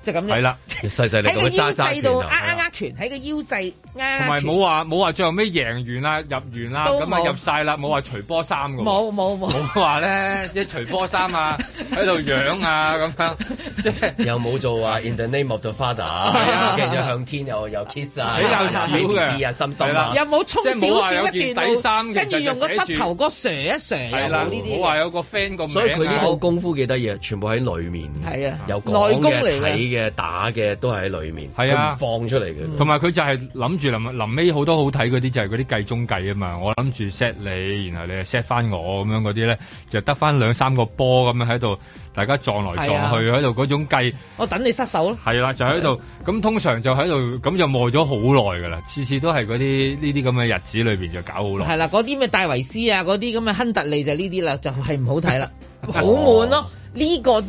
C: 即係咁
A: 樣，係
B: 啦，喺個腰際度呃呃
C: 呃拳，喺個腰際同埋冇話
B: 冇話最後咩贏完啦，入完啦，咁啊入晒啦，冇
A: 話除波衫嘅。冇冇冇話咧，即係
C: 除波衫啊，
A: 喺度養啊咁樣，即係又冇做啊 In the name of the father，勁咗向天又又 kiss 啊，比較少嘅。又冇衝少件底衫，跟住用個膝
C: 頭哥蛇一蛇，係啦，呢啲冇話有個 friend 個名啊咁所以佢呢套
A: 功夫幾得嘢，全部喺裏面
C: 係啊，由內功嚟嘅。
A: 嘅打嘅都喺裏面，係啊，咁放出嚟嘅。同
B: 埋佢就係諗住臨臨尾好多好睇嗰啲，就係嗰啲計中計啊嘛。我諗住 set 你，然後你又 set 翻我咁樣嗰啲咧，就得翻兩三個波咁樣喺度，大家撞來撞去喺度嗰種計，
C: 我等你失手咯。
B: 係啦、啊，就喺度咁，啊、那通常就喺度咁就磨咗好耐噶啦，次次都係嗰啲呢啲咁嘅日子裏邊就搞好耐。係
C: 啦、啊，嗰啲咩戴維斯啊，嗰啲咁嘅亨特利就呢啲啦，就係、是、唔好睇啦， 哦、好悶咯。呢、這個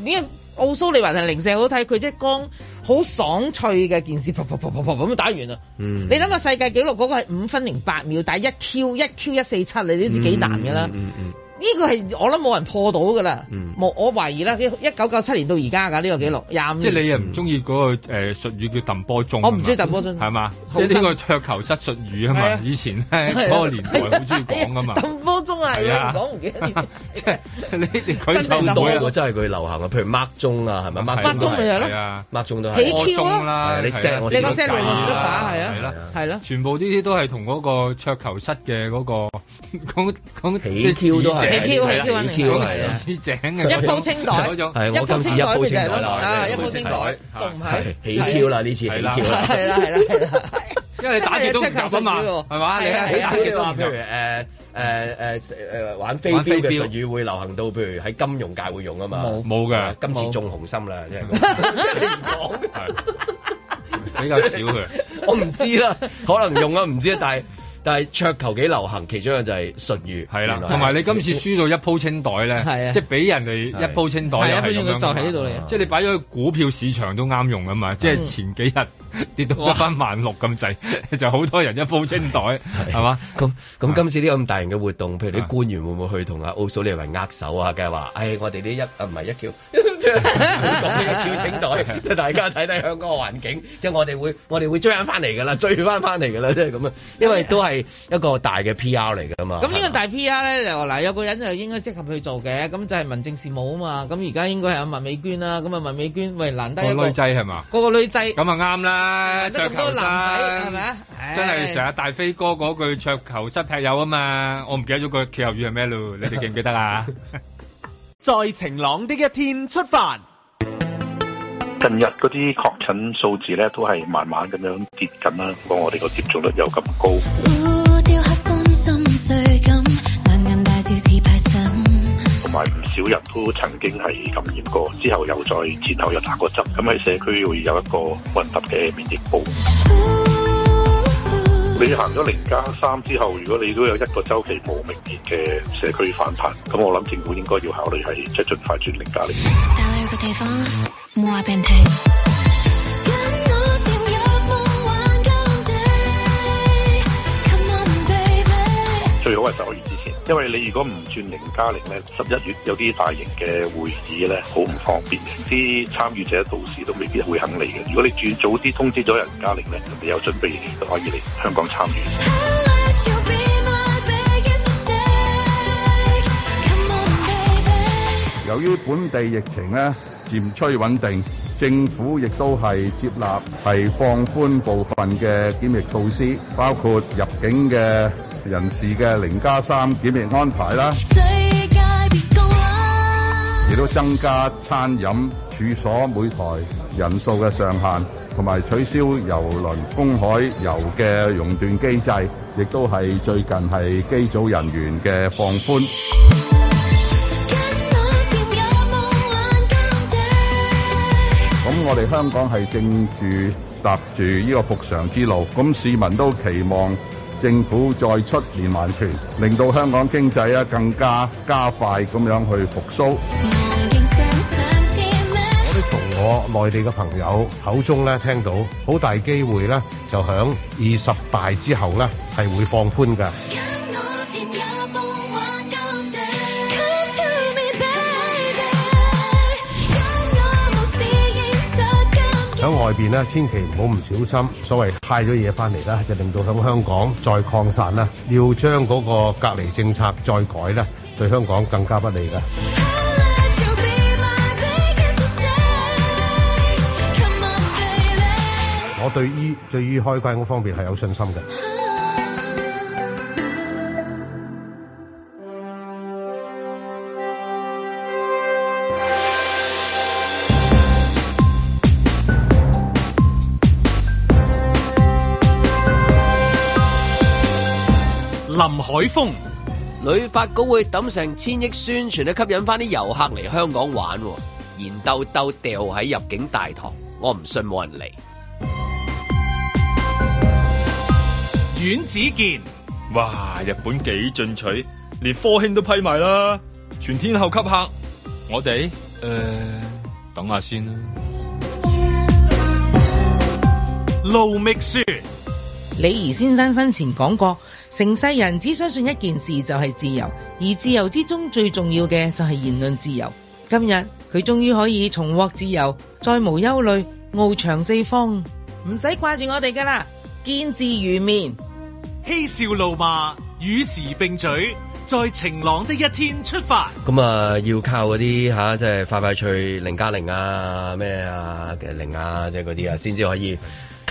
C: 奧蘇利雲係零四好睇，佢即係光好爽脆嘅件事，噗噗噗噗噗咁打完啦。嗯嗯。嗯，你諗下世界紀錄嗰個係五分零八秒打一 Q 一 Q 一四七，你都知幾難噶啦。嗯嗯。呢個係我諗冇人破到㗎啦，冇我懷疑啦。一九九七年到而家㗎呢個記錄廿五。即係你又唔
B: 中意嗰個誒術語叫鄧波中？我唔中意鄧波鐘係嘛？即係呢個桌球室術語啊嘛。以前咧嗰個年代好中意講㗎嘛。鄧
C: 波中啊，講唔記得。即係你佢到，多啊，
A: 真係佢流行啊。譬如 mark 鐘啊，係咪麥
B: 鐘咪係咯？麥鐘都係。起跳啦！你聲我先解啦。你個聲都打係啊，
C: 係啦，係啦。
B: 全部呢啲都係同嗰個桌球室嘅嗰個講講即起都係。起 Q 起 Q 啊！起井啊！一鋪清袋嗰種，一
E: 鋪清袋，一鋪清袋啊！一鋪清袋，仲唔係？起 Q 啦！呢次，起 Q 啦！係啦，係啦，係啦！
A: 因為你打嘢都夾心嘛，係嘛？起 Q 都譬如誒誒誒誒玩飛鏢嘅術語會流行到，譬如喺金融界會用啊嘛。冇冇㗎，今次中紅心啦，真係。你唔講係比較少嘅，我唔知啦，可能用啊，唔知啊，但係。但係桌球幾流行，其中一個就係術語，係啦。同埋你今次輸到一鋪清袋
B: 咧，即係俾人
A: 哋一鋪清袋，就喺呢度
B: 嚟。即係你擺咗喺股票市場都啱用啊嘛！即係前幾日跌到一翻萬六
A: 咁滯，就好多人一鋪清袋係嘛？咁咁今次呢咁大型嘅活動，譬如啲官員會唔會去同阿奧蘇利雲握手啊？梗係話，唉，我哋呢一唔係一橋，即係一橋清袋，即係大家睇睇香港環境，即係我哋會我哋會追翻翻嚟㗎啦，追翻翻嚟㗎啦，即係咁啊！因為都係。係一個大嘅 PR 嚟噶嘛？咁呢
C: 個大 PR 咧，又嗱吧有個人就應該適合去做嘅，咁就係民政事務啊嘛。咁而家應該係阿文美娟啦、啊，咁啊文美娟喂難得個,、哦、個女仔係嘛？個個女仔咁啊啱啦，男仔係咪啊？哎、真係成
B: 日大飛哥嗰句桌球室踢友啊嘛，我唔記得咗歇後語係咩咯？你哋記唔記得啊？
D: 再晴朗啲嘅一天出發。
E: 近日嗰啲確診數字咧都係慢慢咁樣跌緊啦，不過我哋個接種率又咁高。
F: 同
B: 埋唔少人都曾經係感染過，之後又再前後又打過針，咁喺社區會有一個混合嘅免疫保護。你行咗零加三之後，如果你都有一個週期冇明顯嘅社區反彈，咁我諗政府應該要考慮係即係盡快轉零加零。
C: 但係有個地方。
B: 最好係十月之前，因為你如果唔轉零加零呢，十一月有啲大型嘅會議呢，好唔方便嘅，啲參與者到時都未必會肯嚟嘅。如果你轉早啲通知咗人加零呢，0, 你有準備都可以嚟香港參與。Mistake, on, 由於本地疫情呢。漸趨穩定，政府亦都係接納係放寬部分嘅檢疫措施，包括入境嘅人士嘅零加三檢疫安排啦，亦都增加餐飲處所每台人數嘅上限，同埋取消郵輪公海遊嘅熔斷機制，亦都係最近係機組人員嘅放寬。我哋香港係正住踏住呢個復常之路，咁市民都期望政府再出連環拳，令到香港經濟啊更加加快咁樣去復甦。
A: 我都從我內地嘅朋友口中咧聽到，好大機會咧就響二十大之後咧係會放寬㗎。
B: 喺外邊咧，千祈唔好唔小心，所謂派咗嘢
A: 翻嚟啦，就令到響香港再擴散啦。要將嗰個隔離政策再改啦，對香港更加不利噶。
B: 我對於對於開關嗰方面係有信心嘅。
A: 海風，旅發局會抌成千億宣傳去吸引翻啲遊客嚟香港玩，然豆豆掉喺入境大堂，我唔信冇人嚟。阮子健，哇，日本幾進取，連
B: 科興都批埋啦，全天候吸客，我哋誒、呃，等下先啦。盧覓雪，
C: 李怡先生生前講過。成世人只相信一件事就係自由，而自由之中最重要嘅就係言論自由。今日佢終於可以重獲自由，再無憂慮，翱翔四方，唔使掛住我哋噶啦，見字如面，
D: 嬉笑怒罵，與時並舉，在晴朗的一天出發。
A: 咁啊，要靠嗰啲吓，即、啊、係、就是、快快趣，零加零啊，咩啊嘅零啊，即係嗰啲啊，先至可以。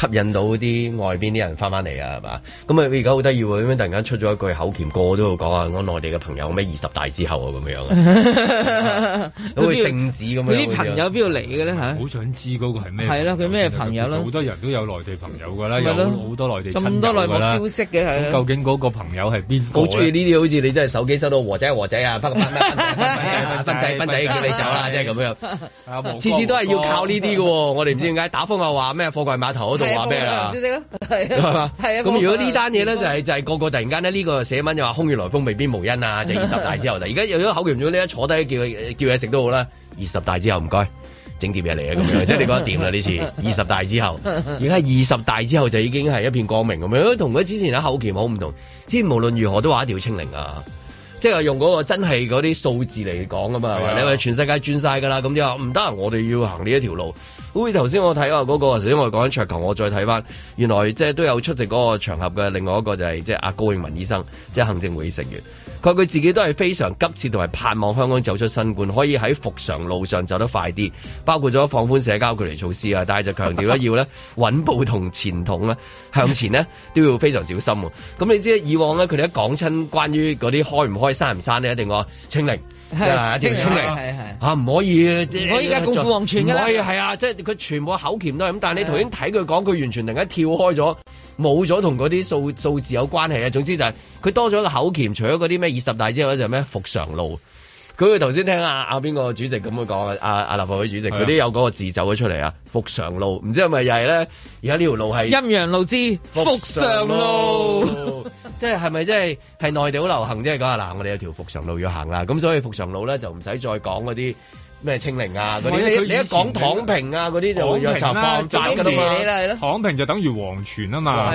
A: 吸引到啲外邊啲人翻翻嚟啊，係嘛？咁啊，而家好得意喎，點解突然間出咗一句口朶個都要講啊？我內地嘅朋友咩二十大之後啊，咁樣
B: 好似聖旨咁樣啲朋友邊度嚟嘅咧嚇？好想知嗰個係咩？係咯，
C: 佢咩朋友？好
B: 多人都有內地朋友㗎啦，有
A: 好
C: 多內地親戚，咁多內幕消息嘅。究
A: 竟嗰個朋友係邊個？好中意呢啲，好似你真係手機收到和仔和仔啊，不乜仔乜仔叫你走啦，即係咁樣。次次都係要靠呢啲嘅喎，我哋唔知點解打風又話咩貨櫃碼頭嗰度。話咩啦？
F: 係啊，咁如果呢單嘢咧，就係就
A: 係個個突然間咧，呢個寫文就話空穴來風，未必無因啊！就二十大之後，而家有咗口嫌呢一坐低叫叫嘢食都好啦。二十大之後唔該，整碟嘢嚟啊！咁樣即係你覺得掂啦呢次。二十大之後，而家二十大之後就已經係一片光明咁樣，同佢之前喺口期好唔同。之前無論如何都話一定要清零啊！即係用嗰個真係嗰啲數字嚟講啊嘛，係嘛？你話全世界轉晒㗎啦，咁就唔得，我哋要行呢一條路。喂、嗰個，頭先我睇話嗰個，頭先我講緊桌球，我再睇翻，原來，即係都有出席嗰個場合嘅。另外一個就係即係阿高永文醫生，即係行政會議成員。佢佢自己都係非常急切同埋盼望香港走出新冠，可以喺復常路上走得快啲，包括咗放寬社交距離措施啊。但係就強調咧，要咧穩步同前統啦，向前咧都要非常小心。咁你知以往咧，佢哋一講親關於嗰啲開唔開、閂唔閂咧，一定話清零。係即係出嚟，吓唔、啊、可以？我依家共赴黃泉噶啦，係啊！即係佢全部口鉗都係咁，但係你頭先睇佢講，佢完全突然間跳開咗，冇咗同嗰啲數數字有關係啊！總之就係佢多咗個口鉗，除咗嗰啲咩二十大之後，就咩復常路。佢個頭先聽阿阿邊個主席咁樣講啊？阿阿立法會主席佢都有嗰個字走咗出嚟啊！復常路，唔知係咪又係咧？而家呢條路係陰陽路之復常路。即係咪即係係內地好流行啫？即係講下嗱，我哋有條復常路要行啦，咁所以復常路咧就唔使再講嗰啲咩清零啊嗰啲，你一講躺平啊嗰啲就躺平啦，躺平就等於黃泉啊嘛。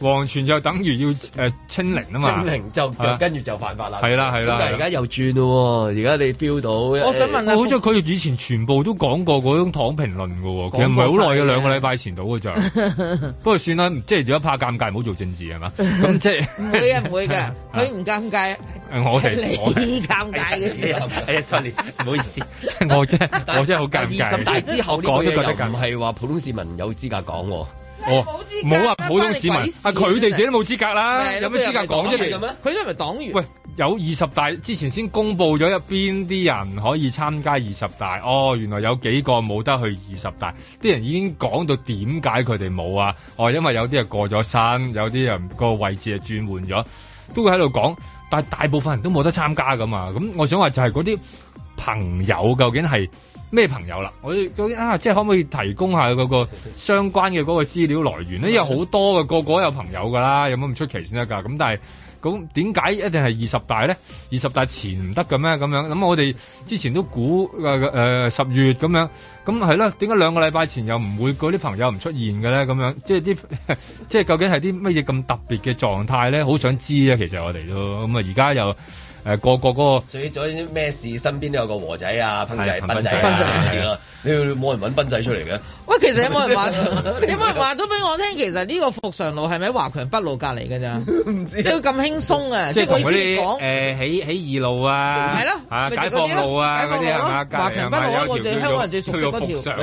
B: 黃泉就等於要誒清零啊嘛，清零就就跟住
A: 就犯法啦。係啦，係啦，但係而家又
B: 轉咯，而家你標到，我想問一下，好似佢以前全部都講過嗰種躺評論噶，其實唔係好耐嘅，兩個禮拜前到嘅咋。不過算啦，即係如果怕尷尬，唔好做政治係嘛。咁即係唔
C: 會啊
B: 唔會噶，佢唔尷尬。我哋我
C: 尷尬嘅嘢、
A: 哎。阿阿 sorry，唔好意思， 我真係
C: 我真係好尷尬。二十大之後呢個又唔
A: 係話普通市民有資格講。冇資冇話普通市民，佢哋、啊、自己都冇資格啦。有咩資格講出嚟？佢都唔係黨員。係咪黨員喂，有二
B: 十大之前先公布咗入邊啲人可以參加二十大。哦，原來有幾個冇得去二十大。啲人已經講到點解佢哋冇啊？哦，因為有啲人過咗生，有啲人個位置係轉換咗，都會喺度講。但大部分人都冇得參加㗎嘛。咁我想話就係嗰啲。朋友究竟係咩朋友啦？我哋究竟啊，即係可唔可以提供下嗰個相關嘅嗰個資料來源咧？有好的多嘅個個都有朋友噶啦，有冇咁出奇先得噶？咁但係咁點解一定係二十大咧？二十大前唔得嘅咩？咁樣，咁我哋之前都估誒、呃、十月咁樣，咁係啦。點解兩個禮拜前又唔會嗰啲朋友唔出現嘅咧？咁樣即係啲即係究竟係啲乜嘢咁特別嘅狀態咧？好想知啊！其實我哋都咁啊，而家又。
A: 誒個個嗰個，做咗啲咩事？身邊都有個和仔啊、斌仔、斌仔，係咯，你冇人揾斌仔出嚟嘅。
C: 喂，其實有冇人話？有冇人話到俾我聽？其實呢個復常路係咪喺華強北路隔離㗎咋？唔知，即係咁輕鬆啊，即係佢先講。誒，起起義路
A: 啊，係咯，啊解放路啊，
C: 解放路啊，華強北路有條香港人最
B: 熟
A: 悉嗰條。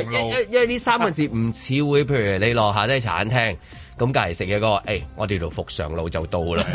A: 因為呢三個字唔似會，譬如你落下都係茶餐廳。咁隔籬食嘢嗰，誒、欸，我哋條福祥路就到啦。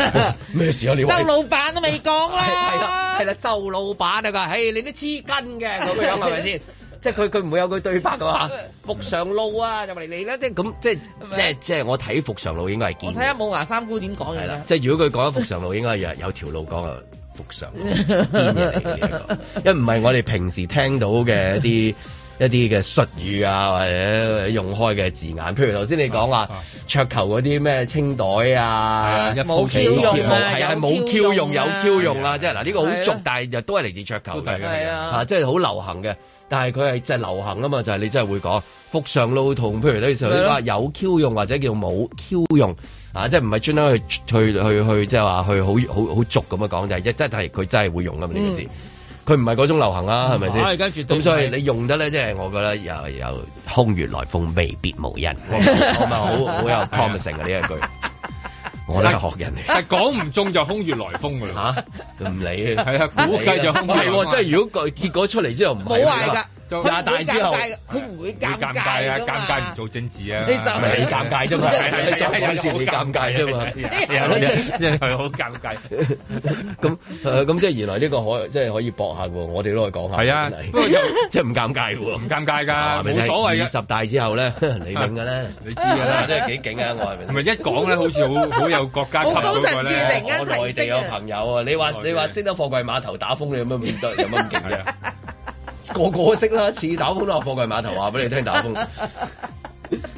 A: 咩事啊？你 周老
C: 闆都未講啦。
A: 係啦，係啦，周老闆啊，佢，誒、欸，你都黐筋嘅咁樣，係咪先？即係佢，佢唔會有句對白噶嘛？福祥 路啊，就嚟你啦，即咁，即係，即係，即係我睇福祥路應該係堅。睇下
C: 冇牙三姑點講嘅。係啦，
A: 即係如果佢講福祥路，應該有有條路講啊福祥
C: 路。的的這
A: 個、因為唔係我哋平時聽到嘅一啲。一啲嘅術語啊，或者用開嘅字眼，譬如頭先你講話桌球嗰啲咩清袋啊，冇 Q 用咩？係冇 Q 用有 Q 用啊！即係嗱，呢個好俗，但係又都係嚟自桌球嘅，嚇，即係好流行嘅。但係佢係即係流行啊嘛，就係你真係會講福上路同，譬如你話有 Q 用或者叫冇 Q 用啊，即係唔係專登去去去去即係話去好好好俗咁樣講，就係一真係佢真係會用㗎嘛呢個字。佢唔係嗰種流行啦、啊，係咪先？咁、啊、所以你用得咧，即係我覺得又有，有空穴來風，未必無因。 我咪好好有 promise 嘅呢一句，
B: 我都係學
A: 人嚟。但係講唔
B: 中就空穴來風㗎啦，吓，唔理啊，係啊，估計就唔係、啊啊，即係、啊、如
A: 果個結果出嚟之後唔係㗎。廿大之後，
F: 佢唔會尷尬啊！尷尬唔做政治啊！你就尷尬啫嘛，有
A: 時會尷尬啫嘛。真係好尷尬。咁咁即係原來呢個可即係可以博下喎。我哋都可以講下。係啊，即係唔尷尬喎，唔尷尬㗎，所謂二十大之後咧，你明㗎啦，你知㗎啦，真係幾勁啊！我係咪？唔係一講咧，好似好好有國家級嗰個咧。我內地有朋友啊，你話你話，升得貨櫃碼頭打風，你有乜咁多？有乜咁勁啫？個個識啦，似打風都話貨櫃碼頭話俾你聽打風，打風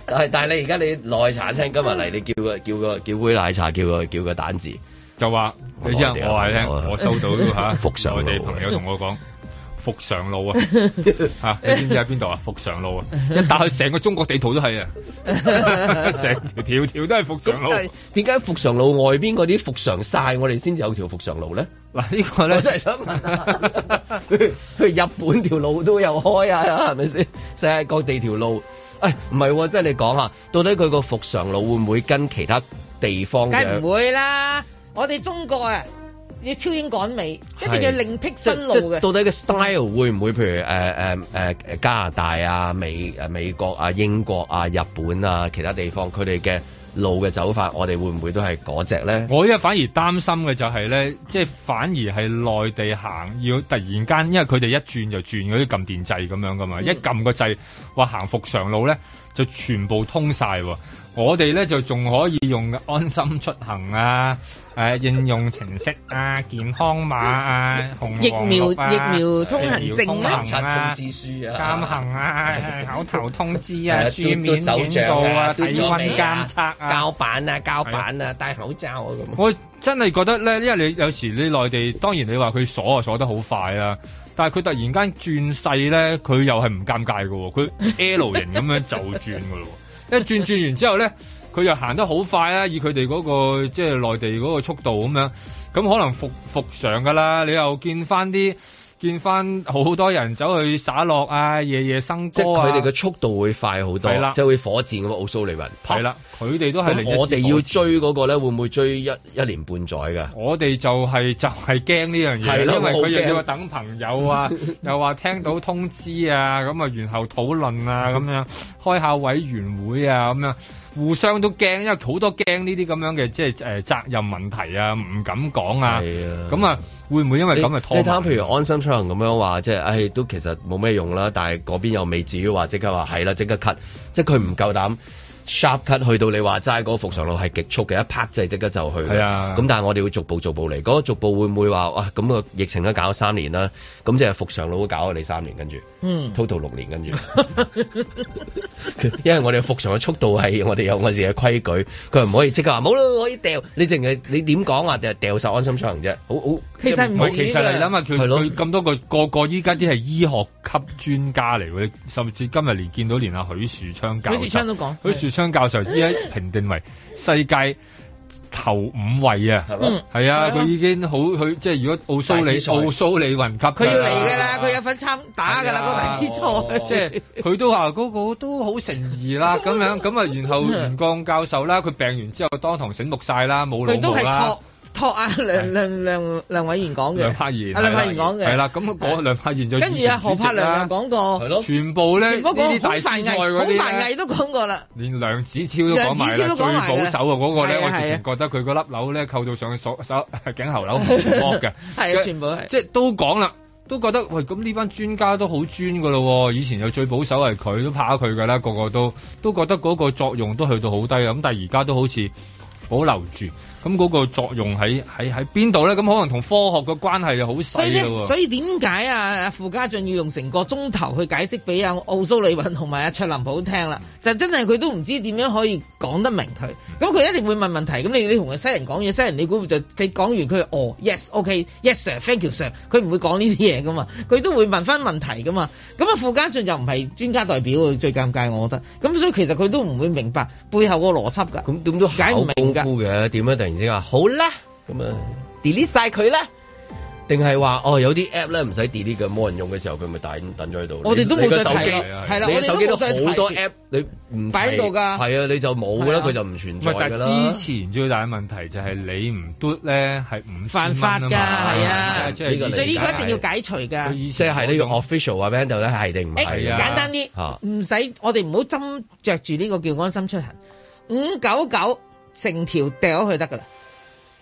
A: 但係但係你而家你內產廳今日嚟，你叫個叫個叫杯奶茶，叫個叫個蛋治，就話說哇你知我話你聽、啊，我，你哇我收到嚇， 啊、我哋朋友同我講。 復常路啊，吓 你知唔知喺邊度啊？復常路啊，一打去成個中國地圖都係啊，成條條條都係復常路。點解復常路外邊嗰啲復常晒，我哋先至有條復常路咧？嗱、啊，這個、呢個咧真係想問下， 去日本條路都有開啊，係咪先？世界各地條路，誒、哎，唔係、啊，即係你講啊，到底佢個復常路會唔會跟其他地方的？梗係唔會
C: 啦，我哋中國啊！要超英趕美，一定要另辟新路嘅。到底
A: 個 style、嗯、會唔會譬如誒誒、呃呃、加拿大啊、美、呃、美國啊、英國啊、日本啊，其他地方佢哋嘅路嘅走法，我哋會唔會都係嗰隻咧？我依家反而擔心嘅就係、是、咧，即、就、係、是、反而係
B: 內地行要突然間，因為佢哋一轉就轉嗰啲撳電掣咁樣噶嘛，嗯、一撳個掣話行復常路咧。就全部通晒喎。我哋咧就仲可以用安心出行啊，誒應用程式啊，健康碼啊，疫苗疫苗通行證啊，檢測通知書啊，監行啊，
A: 口頭通知啊，書面手帳啊，體温監測啊，膠板
C: 啊，膠板啊，戴口罩啊咁。
B: 我真係覺得咧，因為你有時你內地，當然你話佢鎖啊鎖得好快啦。但係佢突然間轉細咧，佢又係唔尷尬嘅喎，佢 L 型咁樣就轉嘅咯， 一轉轉完之後咧，佢又行得好快啦，以佢哋嗰個即係內地嗰個速度咁樣，咁可能復復常噶啦，你又見翻啲。見翻好多人走去耍落啊，夜夜生、啊、即係佢哋嘅
A: 速度會快好多，就了會火箭咁，奧蘇利文係啦，佢
B: 哋了都係、嗯、我哋要
A: 追嗰個咧，會唔會追一一年半載噶？我哋就係、是、就係驚呢樣
B: 嘢，了因為佢哋要等朋友啊，害又話聽到通知啊，咁 啊，然後討論啊，咁樣開下委員會啊，咁樣。互相都驚，因為好多驚呢啲咁樣嘅，即係誒責任問題啊，唔敢講啊。係啊，咁啊，會唔會因為咁嘅你拖？你睇下，譬如
A: 安心出行咁樣話，即係，唉、哎，都其實冇咩用啦。但係嗰邊又未至於話即刻話係啦，即刻，刻 cut，即係佢唔夠膽。Sharp cut 去到你話齋嗰個復常路係極速嘅一拍即係即刻就去，咁是、啊、但係我哋會逐步逐步嚟，嗰、那個逐步會唔會話哇咁個疫情都搞咗三年啦、啊，咁即係復常路都搞咗你三年跟住，total、嗯、六年跟住， 因為我哋復常嘅速度係我哋有我哋嘅規矩，佢唔可以即刻話冇咯，可以掉，你淨係你點講啊？掉掉曬安心出行啫，好好，其實其實你諗下佢咁多個個個依家啲係醫學級專家嚟嘅，甚
B: 至今日連見到連阿許樹昌教，許樹昌都講，許薯 對 張教授依家評定為世界頭五位啊，係啊，佢已經好佢即係如果奧蘇里奧蘇里雲集，佢要嚟噶啦，佢有
C: 份參打噶啦嗰大師賽，即係
B: 佢都話嗰個都好誠意啦，咁樣咁啊，然後袁剛教授啦，佢病完之後當堂醒目晒啦，冇老毛啦。
C: 托阿梁梁梁梁偉賢講嘅，梁柏
B: 賢，梁柏賢講嘅，係啦。咁啊，梁柏賢就跟住啊何柏良又講過，全部咧，嗰啲大師賽嗰好扮藝都講過啦。連梁子超都講埋，最保守啊嗰個咧，我之前覺得佢嗰粒樓咧扣到上所手頸喉樓唔妥嘅，係啊，全部係即係都講啦，都覺得喂咁呢班專家都好專㗎咯。以前又最保守係佢，都怕佢㗎啦，個個都都覺得嗰個作用都去到好低嘅。咁但係而家都好似保留住。咁嗰個作用喺喺喺邊度咧？咁可能同科學嘅關係就好少。所以
C: 咧，點解啊？傅家俊要用成個鐘頭去解釋俾阿奧蘇里雲同埋阿卓林普聽啦，嗯、就真係佢都唔知點樣可以講得明佢。咁佢一定會問問題。咁你你同個西人講嘢，西人你估就你講完佢哦，yes，ok，yes sir，thank you sir。佢唔會講呢啲嘢噶嘛，佢都會問翻問題噶嘛。咁啊，傅家俊又唔係專家代表，最尷尬我覺得。咁所以其實佢都唔會明白背後個邏輯噶，點都解唔明
A: 㗎。點啊第？然之後啊，好啦，咁啊，delete 晒佢啦，定係話哦，有啲 app 咧唔使 delete 嘅，冇人用嘅時候佢咪等咗喺度。我哋都冇再睇，係啦，
C: 你個手機都好多 app，你唔擺喺度噶，係
A: 啊，你就冇啦，佢就唔存在噶啦。
B: 之前最大嘅問題就係你唔嘟 o 咧，係唔犯法噶，係啊，所以呢個一定要
C: 解除噶。意
A: 思係呢個 official 啊 vendor 咧係定
B: 唔係啊？簡單
C: 啲，唔使我哋唔好針着住呢個叫安心出行五九九。成條掉咗去得噶啦，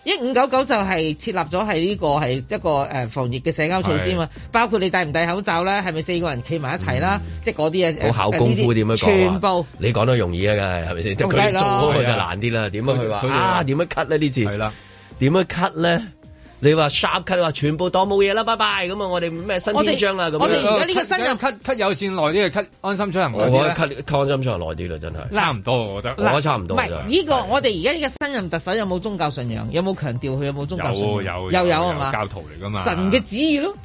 C: 一五九九就係設立咗係呢個係一個防疫嘅社交措施啊嘛，包括你戴唔戴口罩咧，係咪四個人企埋一齊啦，即係嗰啲嘢。好考功夫點樣講？全部
A: 你講得容易啊，噶係咪先？即係佢做開就難啲啦。點樣佢話啊？點樣 cut 咧？呢字係啦，點樣 cut 咧？你話 cut 話全部當冇嘢啦，拜拜咁啊！我哋咩新篇章啦咁我哋而家呢個新任 cut cut 有線耐啲嘅 cut 安
C: 心出咗又冇啦。我 cut
A: 安心出咗耐啲啦，真係。差唔多我覺
C: 得。嗱，差唔多。唔呢個，我哋而家呢個新任特首有冇宗教信仰？有冇強調佢有冇宗教信仰？有有又有係嘛？教
A: 徒嚟㗎
B: 嘛？神嘅旨意咯。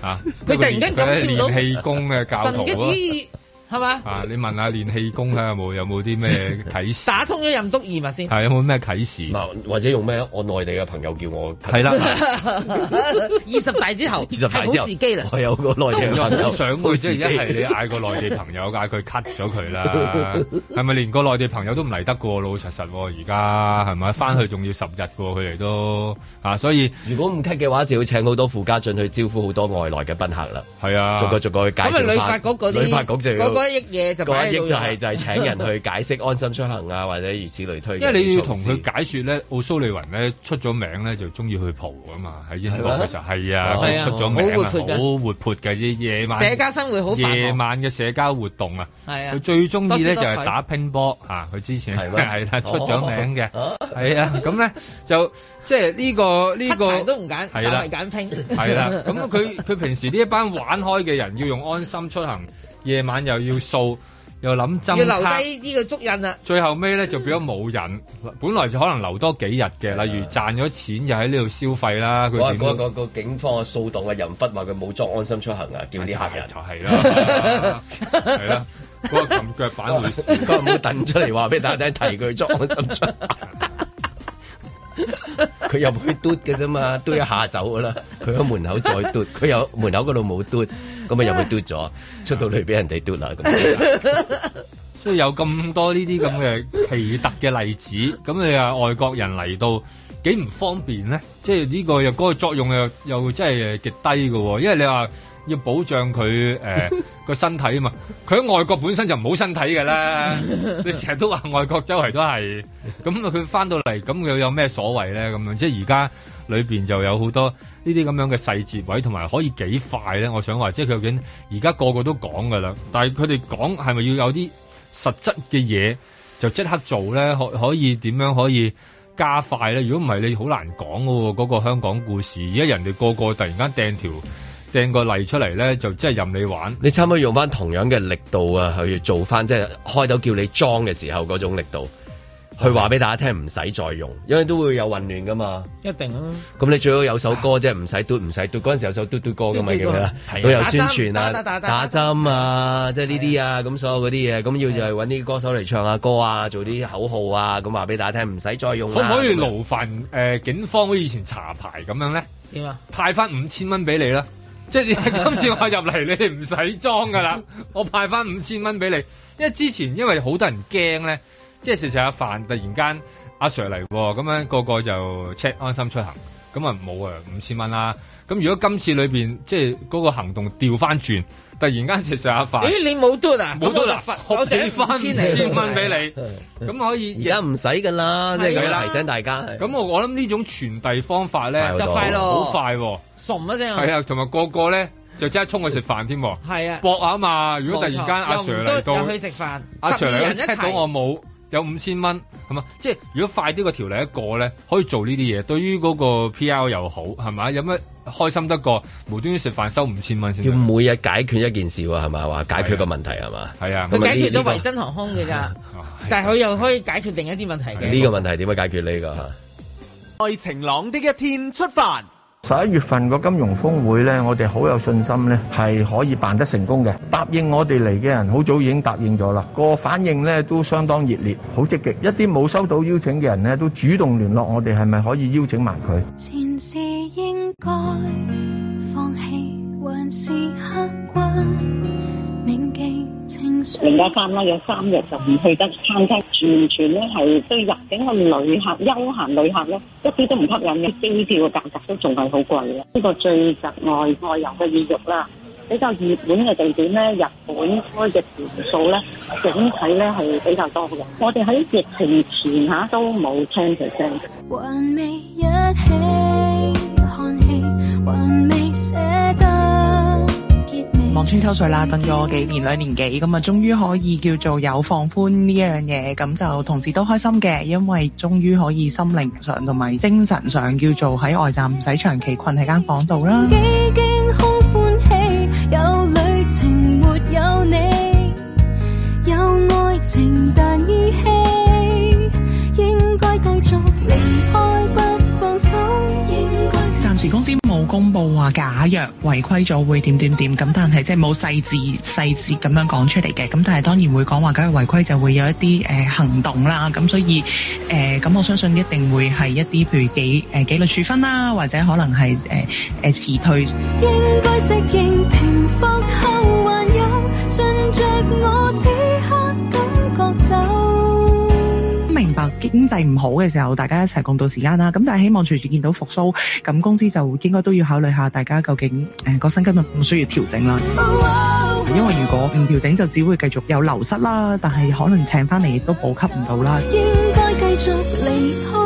B: 嚇！佢突然間感受到氣功嘅教徒神嘅旨意。係嘛？啊！你問下練氣功啊，睇下有冇有冇啲咩啟
C: 示？打通咗任督二脈先。係
B: 有冇
A: 咩啟示？或者用咩我內地嘅朋友叫我係
B: 啦。
C: 二十大之後，二十大之後冇時機啦。我
A: 有個內地朋友，上會時機，一係你嗌個內地
B: 朋友嗌佢 cut 咗佢啦。係咪連個內地朋友都唔嚟得㗎？老老實實，而家
A: 係咪？翻去仲要十日㗎，佢哋都啊，所以如果唔 cut 嘅話，就要請好多傅家俊去招呼好多外來嘅賓客啦。係啊，逐個逐個去介紹翻。咁啊，旅發局嗰啲，旅發局就嗰一
C: 億嘢就係，就係請人去
A: 解釋安心出行啊，或者如此類推。
C: 因為你要同佢
B: 解說咧，奧蘇利雲咧出咗名咧，就中意去蒲㗎嘛，喺英國其實係啊，出咗名啊，好活潑嘅，夜晚社交生活好，夜晚嘅社交活動啊，係啊，
C: 佢最中意咧就係打
B: 乒乓波嚇，佢之前係啦出咗名嘅，係啊，咁咧就
C: 即係呢個呢個都唔係揀
B: 係啦，咁佢佢平時呢一班玩開嘅人要用安心出行。夜晚又要掃，又諗針，要留
C: 低呢個足印啦。最
B: 後尾咧就變咗冇人，嗯、本來就可能留多幾日嘅，是的 例如賺咗錢又喺呢度消費啦。佢、啊那個嗰、那個
A: 那個警方嘅掃蕩嘅人忽話佢冇裝安心出行啊，叫啲客人就係、是、咯，係啦嗰個撳腳板女士，佢唔好出嚟，話俾大家睇，提佢裝安心出行。 佢又唔去嘟嘅啫嘛，嘟一下走噶啦。佢喺門口再嘟，佢又門口嗰度冇嘟，咁啊又去嘟咗， 出到嚟俾人哋嘟啦。咁 所以有咁多呢啲咁嘅奇特嘅例子，咁你
B: 話外國人嚟到幾唔方便咧？即係呢個又嗰個作用又又真係極低嘅喎、哦，因為你話。要保障佢誒個身體啊嘛！佢喺外國本身就唔好身體㗎啦，你成日都話外國周圍都係咁，佢翻到嚟咁又有咩所謂咧？咁樣即係而家裏面就有好多呢啲咁樣嘅細節位，同埋可以幾快咧？我想話，即係佢究竟而家個個都講㗎啦，但係佢哋講係咪要有啲實質嘅嘢就即刻做咧？可可以點樣可以加快咧？如果唔係你好難講喎、哦，嗰、嗰個香港故事而家人哋個個突然
A: 間掟條。掟個例出嚟咧，就真係任你玩。你差唔多用翻同樣嘅力度啊，去做翻即係開頭叫你裝嘅時候嗰種力度，去話俾大家聽，唔使再用，因為都會有混亂噶嘛。一定啊！咁你最好有首歌即係唔使嘟，唔使嘟。嗰陣時有首嘟嘟歌噶嘛，叫咩啦？啊、都有宣傳啊，打針啊，即係呢啲啊，咁、啊啊啊、所有嗰啲嘢，咁要就係搵啲歌手嚟唱下歌啊，做啲口號啊，咁話俾大家聽，唔使再用、啊。可唔可以勞煩誒、呃、警方好似以前查牌咁樣咧？
C: 點啊？
A: 派翻五
B: 千蚊俾你啦！ 即係今次我入嚟，你哋唔使裝噶啦，我派翻五千蚊俾你。因為之前因為好多人驚咧，即係食食下飯突然間阿 Sir 嚟，咁、嗯、樣個個就 check 安心出行，咁啊冇啊五千蚊啦。咁、嗯、如果今次裏面，即係嗰個行動調翻轉。突然間食食下飯，誒
C: 你冇 do 啊？冇 do 罰我借翻千嚟，千
B: 蚊俾你，咁可以而家唔使噶啦，即係提醒大家。咁我我諗呢種傳遞方法咧就快咯，好快，聳一聲。係啊，同埋個個咧就即刻衝去食飯添。係啊，搏下啊嘛！如果突然間阿 Sir 嚟到，
C: 阿 Sir 人一齊，我冇。
B: 有五千蚊，咁啊，即係如果快啲個條例一過咧，可以做呢啲嘢。對於嗰個 PR 又好，係咪？有咩開心得
A: 過無端端食飯收五千蚊先？要每日解決一件事，係咪話解決個問題係嘛？係啊，佢、啊、解決咗維珍
C: 航空嘅咋，uh, 但係佢又可以解決另一啲問題嘅。呢、啊啊啊、
A: 個問題點樣解決呢、這個吓？
C: 晴、這個、朗的一天出發。
A: 十一月份個金融峰會咧，我哋好有信心咧，係可以辦得成功嘅。答應我哋嚟嘅人，好早已經答應咗啦。個反應咧都相當熱烈，好積極。一啲冇收到邀請嘅人咧，都主動聯絡我哋，係咪可以邀請埋佢？前事應
F: 該放棄，還是刻骨
E: 銘記？零加三啦，有三日就唔去得，餐廳轉轉咧，係對入境嘅旅
C: 客、休閒旅客咧一啲都唔吸引嘅，機票嘅價格都仲係好貴嘅。呢、這個最國外外遊嘅意欲啦，比較熱門嘅地點咧，日本開嘅條數咧，整體咧係比較多嘅。我哋喺疫情前吓都冇
E: change
F: 嘅。
E: 望穿秋水啦，等咗幾年兩年幾，咁啊，終於可以叫做有放寬呢一樣嘢，咁就同時都開心嘅，因為終於可以心靈上同埋精神上叫做喺外站唔使長期困喺間房度啦。幾
F: 經空歡喜，有淚情沒有你，有愛情但意氣，應該繼續離開不放手，應
E: 該。暫時公司。公布話假若違規咗會點點點咁，但係即係冇細致細節咁樣講出嚟嘅。咁但係當然會講話，假如違規就會有一啲誒行動啦，咁所以誒、咁我相信一定會係一啲譬如紀、誒、紀律處分啦，或者可能係誒、誒辭退。經濟唔好嘅時候，大家一齊共度時艱啦。咁但係希望隨住見到復甦，咁公司就應該都要考慮下，大家究竟誒、呃、個薪金有唔需要調整啦。因為如果唔調整，就只會繼續有流失啦。但係可能請翻嚟亦都補給唔到啦。應
F: 該繼續離開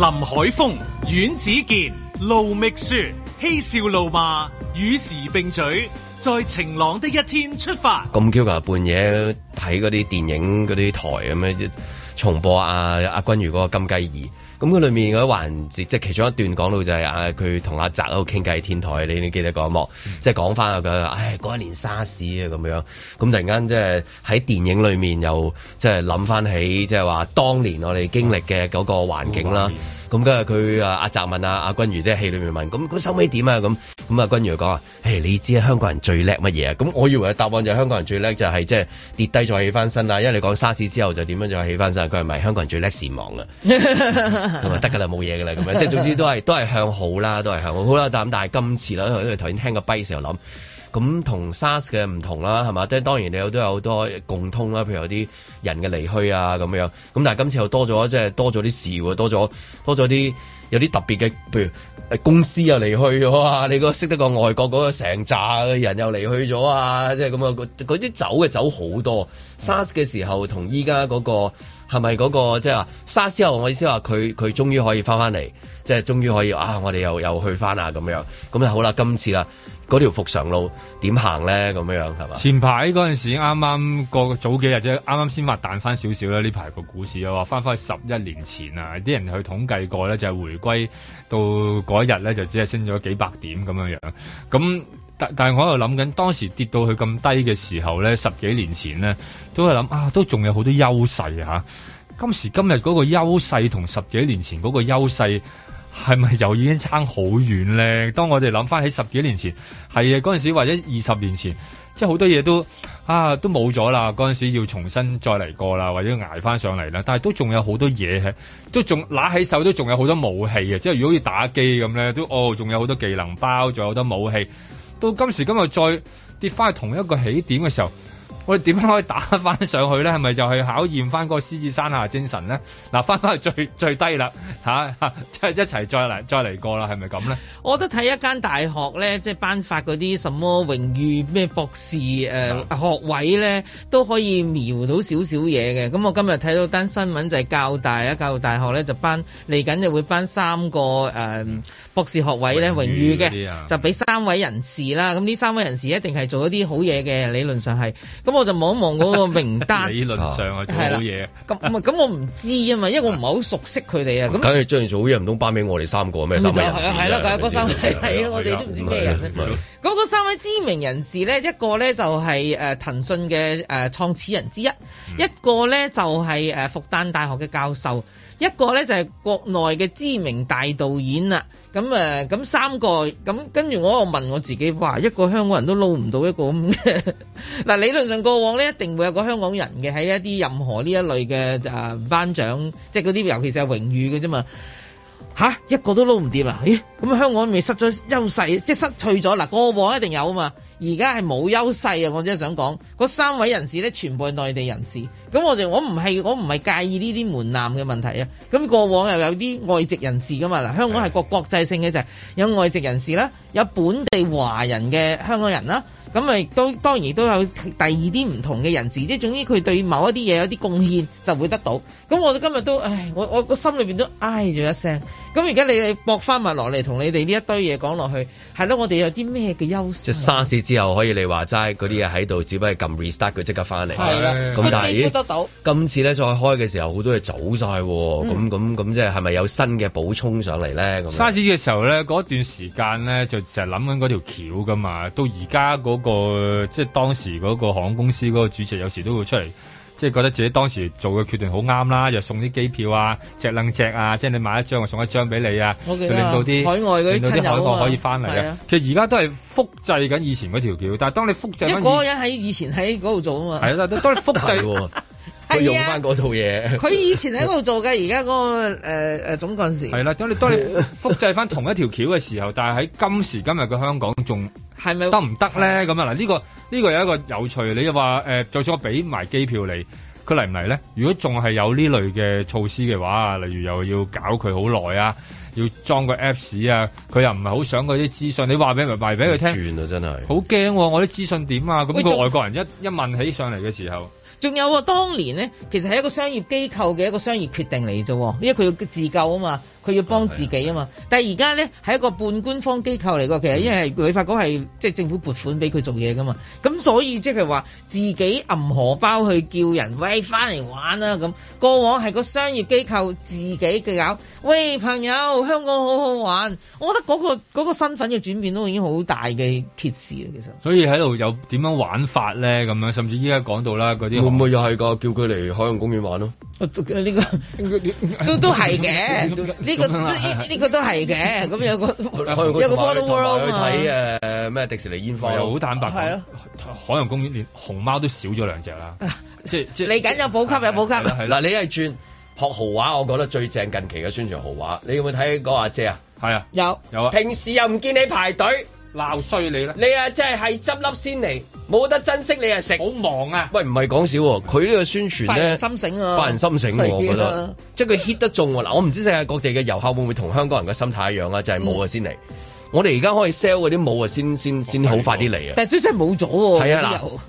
D: 林海峰、阮子健、盧覓雪、嬉笑怒罵與時並舉，在晴朗的一天出發。
A: 咁 Q 啊！半夜睇嗰啲電影，嗰啲台咁樣重播啊，阿君如嗰個金雞《金雞二》。咁佢裏面嗰啲環節，即係其中一段講到就係啊，佢同阿澤喺度傾偈天台，你你記得嗰一幕，即係講翻啊，佢唉嗰一年沙士啊咁樣，咁突然間即係喺電影裏面又即係諗翻起即係話當年我哋經歷嘅嗰個環境啦。嗯咁跟住佢阿阿澤問啊，阿、啊啊、君如即係戲裏面問，咁佢收尾點啊？咁、啊、咁、啊、君如講啊，誒、哎，你知啊、哎，香港人最叻乜嘢啊？咁我以為嘅答案就係香港人最叻就係即係跌低再起翻身啊！因為你講沙士之後就點樣再起翻身，佢係咪香港人最叻是忙啊？
F: 咁
A: 得㗎啦，冇嘢㗎啦，咁樣即係總之都係都係向好啦，都係向好。好啦，但係今次啦，因為頭先聽個虧時候諗。咁同 SARS 嘅唔同啦，係嘛？即係當然你有都有好多共通啦，譬如有啲人嘅離去啊咁樣。咁但係今次又多咗，即係多咗啲事喎，多咗多咗啲有啲特別嘅，譬如公司又離去咗啊！你個識得個外國嗰個成扎人又離去咗啊！即係咁啊！嗰啲走嘅走好多，SARS、嗯、嘅時候同依家嗰個。係咪嗰個即係話沙士後？我意思話佢佢終於可以翻翻嚟，即係終於可以啊！我哋又又去翻啊咁樣。咁啊好啦，今次啦，嗰條復常路點行咧？咁樣樣係嘛？前排嗰陣時啱啱過早幾
B: 日啫，啱啱先話彈翻少少啦。呢排個股市又話翻返十一年前啊！啲人去統計過咧，就係回歸到嗰日咧，就只係升咗幾百點咁樣樣。咁但但係我喺度諗緊，當時跌到去咁低嘅時候咧，十幾年前咧。都係諗啊，都仲有好多優勢嚇、啊。今時今日嗰個優勢同十幾年前嗰個優勢係咪又已經差好遠咧？當我哋諗翻起十幾年前，係啊，嗰陣時或者二十年前，即係好多嘢都啊都冇咗啦。嗰陣時要重新再嚟過啦，或者捱翻上嚟啦。但係都仲有好多嘢，都仲攞起手都仲有好多武器。即係如果要打機咁咧，都哦仲有好多技能包，仲有好多武器。到今時今日再跌翻去同一個起點嘅時候。我哋點樣可以打翻上去咧？係咪就係考驗翻嗰個獅子山下精神咧？嗱，翻翻去最最低啦，即
C: 係、啊啊、一齊再嚟再嚟過啦，係咪咁咧？我覺得睇一間大學咧，即係頒發嗰啲什麼榮譽咩博士誒、呃啊、學位咧，都可以描到少少嘢嘅。咁我今日睇到單新聞就係教大啊，教大學咧就頒嚟緊就會頒三個誒、呃、博士學位咧榮譽嘅、啊，就俾三位人士啦。咁呢三位人士一定係做一啲好嘢嘅，理論上係。咁我就望一望嗰個名單。理論上係做嘢。咁咁我唔知啊嘛，因為我唔係好熟悉佢哋啊。咁梗係
A: 張兆宇唔通頒俾我哋三個咩？咁就係係啦，嗰三位係咯，我哋都唔知咩人
C: 咧。嗰個三位知名人士咧，一個咧就係誒騰訊嘅誒創始人之一，一個咧就係誒復旦大學嘅教授。一個咧就係國內嘅知名大導演啦，咁誒，咁三個，咁跟住我又問我自己話，一個香港人都撈唔到一個咁嘅，嗱 理論上過往咧一定會有個香港人嘅喺一啲任何呢一類嘅誒頒獎，即係嗰啲尤其是係榮譽嘅啫嘛，吓一個都撈唔掂啊，咦、哎，咁香港咪失咗優勢，即係失去咗，嗱過往一定有啊嘛。而家係冇優勢啊！我真係想講，嗰三位人士咧全部係內地人士，咁我哋我唔係我唔係介意呢啲門檻嘅問題啊！咁過往又有啲外籍人士㗎嘛？嗱，香港係個國際性嘅就係有外籍人士啦，有本地華人嘅香港人啦。咁咪都當然亦都有第二啲唔同嘅人士，即係總之佢對某一啲嘢有啲貢獻就會得到。咁我今日都唉，我我個心裏邊都唉咗一聲。咁而家你哋搏翻埋落嚟同你哋呢一堆嘢講落去，係咯，我哋有啲咩嘅優勢？
A: 沙士之後可以你話齋嗰啲嘢喺度，的只不過撳 restart 佢即刻翻嚟。係啦，咁但係到。的今次咧再開嘅時候好多嘢走曬，咁咁咁即係係咪有新嘅補充上嚟咧？咁沙士嘅時候咧，嗰段時間咧就成日諗緊嗰條橋噶
B: 嘛，到而家那個即係當時嗰個航空公司嗰個主席有時都會出嚟，即係覺得自己當時做嘅決定好啱啦，又送啲機票啊、隻靚隻啊，即係你買一張我送一張俾你啊，就令到啲海外嗰啲親友、啊、海外可以翻嚟嘅。啊、其實而家都係複製緊以前嗰條橋，但係當你複製一個
C: 人喺以前喺嗰度做啊嘛，係
B: 啦，都係複製。 佢用翻嗰套嘢，佢以
C: 前喺度做嘅，而家嗰個誒誒、呃、總幹事係
B: 啦。你當你複製翻同一條橋嘅時候， 但係喺今時今日嘅香港仲係咪得唔得咧？咁啊嗱，呢、這個呢、這個有一個有趣。你話誒，就、呃、算我俾埋機票嚟，佢嚟唔嚟咧？如果仲係有呢類嘅措施嘅話，例如又要搞佢好耐啊。要裝個 apps 啊，佢又唔係好想嗰啲資訊，你話俾咪話俾佢聽？轉啊，真係好驚，我啲資訊點啊？咁、個外國人一一問起上嚟嘅時候，
C: 仲有當年呢，其實係一個商業機構嘅一個商業決定嚟啫，因為佢要自救啊嘛，佢要幫自己啊嘛。哦、啊但係而家呢，係一個半官方機構嚟噶，其實因為佢發覺係即係政府撥款俾佢做嘢噶嘛，咁所以即係話自己銀荷包去叫人喂翻嚟玩啦、啊。咁過往係個商業機構自己嘅搞，喂朋友。香港好好玩，我覺得嗰個嗰個身份嘅轉變都已經好大嘅揭示啦，其
B: 實。所以喺度有點樣玩法咧，咁樣甚至依家講到啦，嗰啲。會唔會又係
A: 㗎，叫佢嚟海洋公園玩咯。
C: 呢個都都係嘅，呢個呢個都係嘅，咁有個一個《Water World》啊嘛。睇誒
A: 咩迪士尼煙
B: 花，好坦白。係咯，
A: 海洋公園連熊貓都少咗兩隻啦。
C: 即即你緊有補給有補給。
A: 嗱，你係轉。學豪華，我覺得最正近期嘅宣傳豪華。你有冇睇嗰阿姐啊？係啊，有有啊。平時又唔見你排隊鬧衰你咧？你啊，即係係執笠先嚟，冇得珍惜你啊食。好忙啊！喂，唔係講笑，佢呢個宣傳咧，心醒，發人心醒，我覺得，即係佢 hit 得中嗱、啊。我唔知世界各地嘅遊客會唔會同香港人嘅心態一樣啊？就係冇啊先嚟。嗯、我哋而家可以 sell 嗰啲冇啊先先先好快啲嚟、
C: 哦、啊！但係真係冇咗喎，係啊嗱。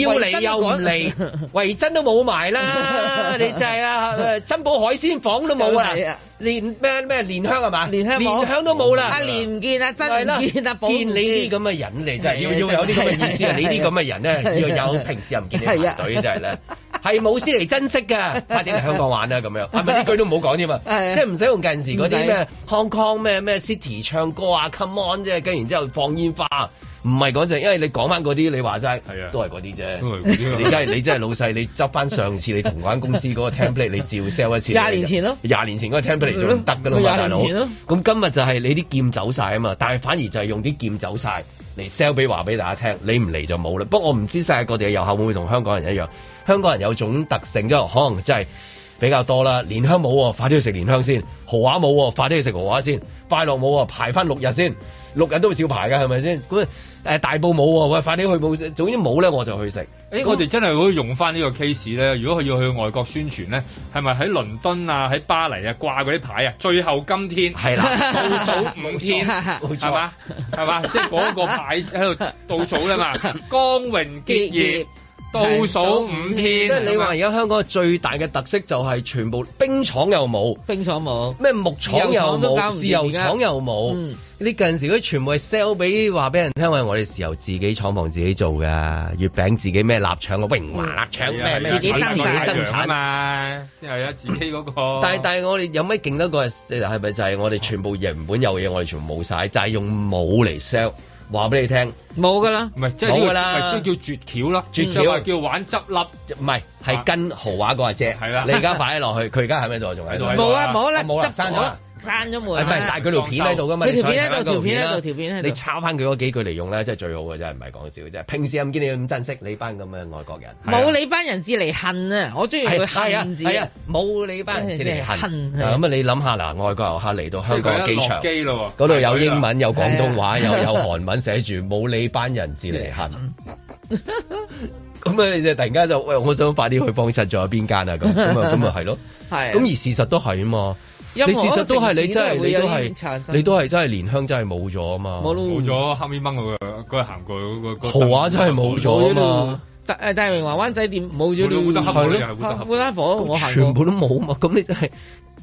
C: 要嚟又唔嚟，維珍都
A: 冇埋啦，你就係啊珍寶海鮮舫都冇啦，連咩
C: 咩蓮香係嘛？蓮香蓮香都冇啦，阿蓮唔見，阿珍唔見，阿寶唔見，你啲咁嘅人嚟真係要要有啲咁嘅意思啊！你啲咁嘅人咧要有平時又唔見你排隊，真係咧係冇先嚟珍惜㗎，快啲嚟香港
A: 玩啊，咁樣，係咪呢句都唔好講添啊？即係唔使用嗰陣時嗰啲咩 Hong Kong 咩咩 City 唱歌啊，Come on 啫，跟然之後放煙花。唔係嗰陣，因為你講翻嗰啲，你話齋，的都係嗰啲啫。你真係你真係老細，你執翻上次你同嗰間公司嗰個 template 你照 sell 一次。廿年前咯，廿年前嗰個 template 得㗎啦、嗯、嘛，年前大佬哥。咁今日就係你啲劍走曬啊嘛，但係反而就係用啲劍走曬嚟 sell 俾話俾大家聽，你唔嚟就冇啦。不過我唔知世界各地嘅遊客會唔會同香港人一樣，香港人有種特性啫，因為可能真係。比較多啦，蓮香冇，快啲去食蓮香先；豪華冇，快啲去食豪華先；快樂冇，排翻六日先，六日都會照排㗎，係咪先？咁誒大埔冇，喂，快啲去冇，總之冇咧，我就去食。誒咦，那我哋真係可以用翻呢個 case
B: 咧，如果佢要去外國宣傳咧，係咪喺倫敦啊，喺巴黎啊掛嗰啲牌啊？最後今天係啦，到早五天，係嘛，係嘛，即係嗰個牌喺度倒數啦嘛，光榮結業。倒數五天，即係
A: 你話而家香港最大嘅特色就係全部冰廠又冇，冰廠冇咩木廠又冇，石油啊、豉油廠又冇。嗯嗯、你近時佢全部係 sell 俾話俾人聽，我我哋豉油自己廠房自己做㗎，月餅自己咩臘腸啊榮華臘腸，自己生自己生產，己生產、啊、嘛，即係自己嗰、那個。但係但係我哋有咩勁得過？係咪就係我哋全部成本有嘢，我哋全部冇曬，但係用冇嚟 sell。話俾你聽，冇噶啦，唔係，即係冇噶啦，即係叫絕橋咯，絕橋係叫玩執笠，唔係係跟豪華嗰隻。係啦。你而家擺咗落去，佢而家喺邊度？仲喺度，冇啊，冇啦，執散咗。
C: 翻咗門，但係佢條片喺度噶嘛，佢條片喺度，條片喺度，條片喺度。你
A: 抄翻佢嗰幾句嚟用咧，即係最好嘅，真係唔係講笑啫。平時啊，唔見你咁珍惜你班咁嘅外國人，冇
C: 你班人至嚟恨啊！我中意佢恨字，冇你班
A: 人至嚟恨。咁啊，你諗下嗱，外國遊客嚟到香港機場，嗰度有英文、有廣東話、又有韓文寫住冇你班人至嚟恨。咁啊，你就突然間就喂，我想快啲去幫襯，仲有邊間啊？咁咁啊咁啊，係咯，咁而事實都係啊嘛。你事實都係，你真係，你都係，你都係真係，蓮香真係冇咗啊嘛，冇咗黑面燜、嗰個、嗰個
C: 行過嗰個豪華真係冇咗啊嘛，大誒大明華灣仔店冇咗你係啦，我黑黑黑黑、嗰個、全部都
A: 冇嘛，咁你真係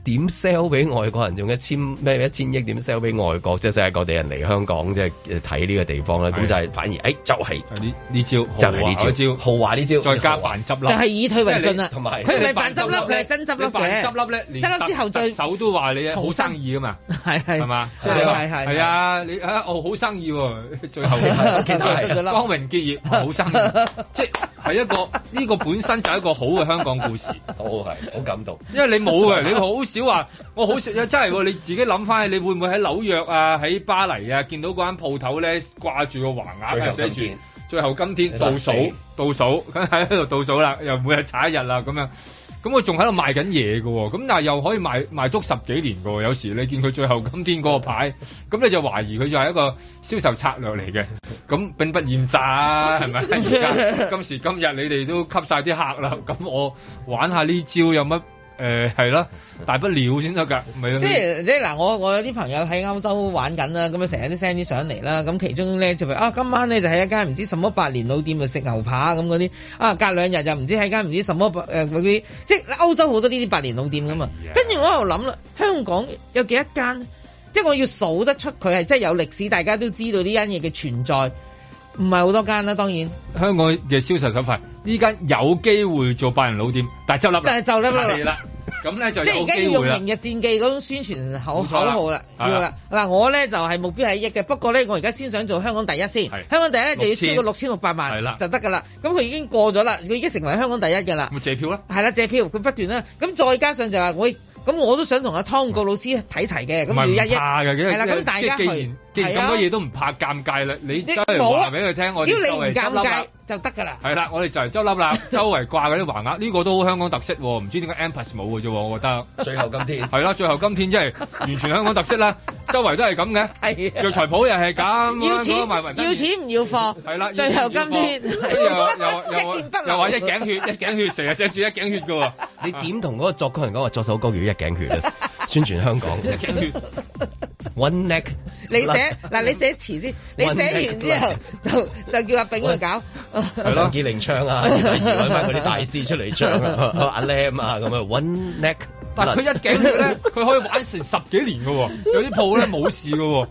A: 點 sell 俾外國人？用一千咩？一千億點 sell 俾外國？即係世界各地人嚟香港，即係睇呢個地方咧。咁就係反而，哎，就係呢招，就係呢招，豪華呢招，再加扮執
B: 笠，就係以退為進啦。同埋佢唔係扮執笠，佢係真執笠真執笠咧，執笠之後最手都話你好生意噶嘛。係
C: 係係嘛？即係你係啊！
B: 你啊，我好生意喎。最後期見到係光榮結業，好生意。係一個呢個本身就係一個好嘅香港故事，好係好感動。因為你冇嘅，你好少話。我好少，真係你自己諗翻，你會唔會喺紐約啊，喺巴黎啊，見到嗰間鋪頭咧掛住個橫額啊，寫住最後今天倒數，倒數喺度倒數啦，又每日踩一日啦咁樣。咁我仲喺度賣緊嘢㗎喎，咁但係又可以賣賣足十幾年㗎喎，有時你見佢最後今天嗰個牌，咁你就懷疑佢就係一個銷售策略嚟嘅，咁並不厭詐，係咪？而家今時今日你哋都吸曬啲客啦，咁我玩下呢招有乜？誒係咯，大不了先得㗎，咪即
C: 係即係嗱，我我有啲朋友喺歐洲玩緊啦，咁啊成日都 send 啲上嚟啦，咁、嗯、其中咧就係啊今晚咧就喺、是、一間唔知什麼百年老店度食牛扒咁嗰啲，啊隔兩日又唔知喺間唔知什麼誒嗰啲，即係歐洲好多呢啲百年老店咁啊，跟住、哎、呀我又諗啦，香港有幾多間？即係我要數得出佢係真係有歷史，大家都知道呢間嘢嘅存在，唔係好多間啦，當然
B: 香港嘅銷售手法呢間有機會做百年老店，但就立但就啦。立了立
C: 咁咧 就即係而家要用《明日戰記》嗰種宣傳口口號啦，要啦。嗱，的的我咧就係、是、目標係一億嘅，不過咧我而家先想做香港第一先。的香港第一呢千就要超過六千六百萬係啦的，就得㗎啦。咁佢已經過咗啦，佢已經成為香港第一㗎啦。咁借票啦，係啦，借票，佢不斷啦。咁再加上就話會。喂咁我都想同阿湯哥老師睇齊嘅，咁要一一係啦，咁大家既然既然咁多嘢
B: 都唔怕尷尬啦，你真係話俾佢聽，我只要你唔尷尬就得噶啦。係啦，我哋就嚟執笠啦，周圍掛嗰啲橫額，呢個都好香港特色喎，唔知點解 Empress 冇嘅啫，我覺得。最後今天係啦，最後今天即係完全香港特色啦，周圍都係咁嘅，藥材鋪又係咁，收埋雲，要
C: 錢唔要貨。係啦，最後今天又又又話一頸
B: 血，一頸血，成
A: 日想住一頸血嘅喎。你點同嗰個作曲人講話作首歌叫，一頸血咧？宣傳香港，One Neck。
C: 你寫嗱，你寫詞先，你寫完之後就就叫阿炳去搞。阿咯，傑
A: 玲唱啊，揾翻嗰啲大師出嚟唱啊，阿 Lam 啊咁啊，One Neck。
C: 但佢一頸血咧，
A: 佢可以玩成十幾年
B: 㗎喎，有啲鋪咧冇事㗎喎。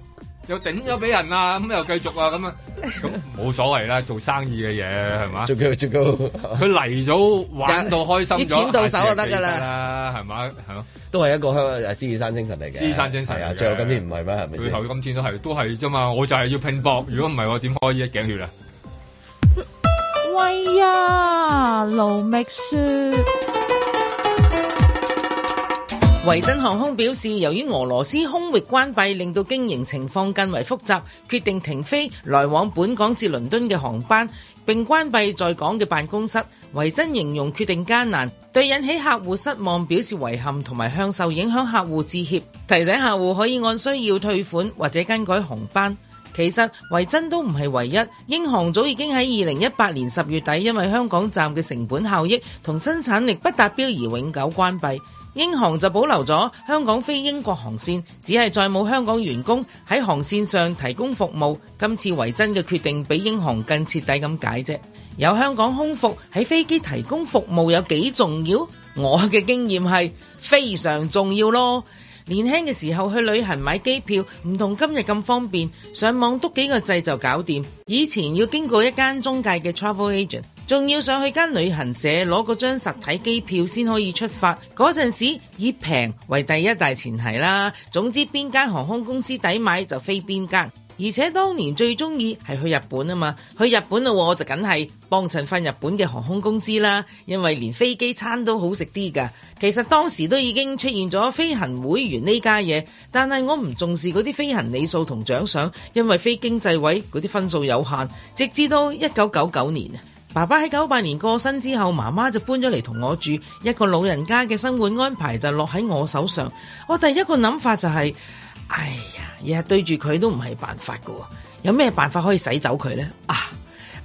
B: 又頂咗俾人啊！咁又繼續啊！咁啊咁冇所謂啦，做生意嘅嘢係嘛？佢嚟咗玩到開心，啲錢到手就得噶啦，係嘛？係咯，都係一個香獅子山精神嚟嘅。獅子山精神啊！最後金錢唔係咩？係咪最後金錢都係都係啫嘛？吧我就係要拼搏， 如果唔係我點開一呢一
C: 頸血啊？喂啊！盧覓雪。維珍航空表示，由於俄羅斯空域關閉，令到經營情況更為複雜，決定停飛來往本港至倫敦嘅航班，並關閉在港嘅辦公室。維珍形容決定艱難，對引起客戶失望表示遺憾，同埋向受影響客戶致歉，提醒客戶可以按需要退款或者更改航班。其實維珍都唔係唯一，英航早已經喺二零一八年十月底，因為香港站嘅成本效益同生產力不達標而永久關閉。英航就保留咗香港非英國航線，只係再冇香港員工喺航線上提供服務。今次維珍嘅決定比英航更徹底噉解啫。有香港空服喺飛機提供服務有幾重要？我嘅經驗係非常重要咯。年輕嘅時候去旅行買機票唔同今日咁方便，上網篤幾個掣就搞掂。以前要經過一間中介嘅 travel agent，仲要上去間旅行社攞嗰張實體機票先可以出發。嗰陣時以平為第一大前提啦，總之邊間航空公司抵買就飛邊間。而且當年最中意係去日本啊嘛，去日本嘅我，就梗係幫襯返日本嘅航空公司啦，因為連飛機餐都好食啲㗎。其實當時都已經出現咗飛行會員呢家嘢，但係我唔重視嗰啲飛行里數同獎賞，因為飛經濟位嗰啲分數有限。直至到一九九九年，爸爸喺九八年過身之後，媽媽就搬咗嚟同我住，一個老人家嘅生活安排就落喺我手上。我第一個諗法就係、是。哎呀，日日對住佢都唔係辦法㗎喎，有咩辦法可以洗走佢呢？啊，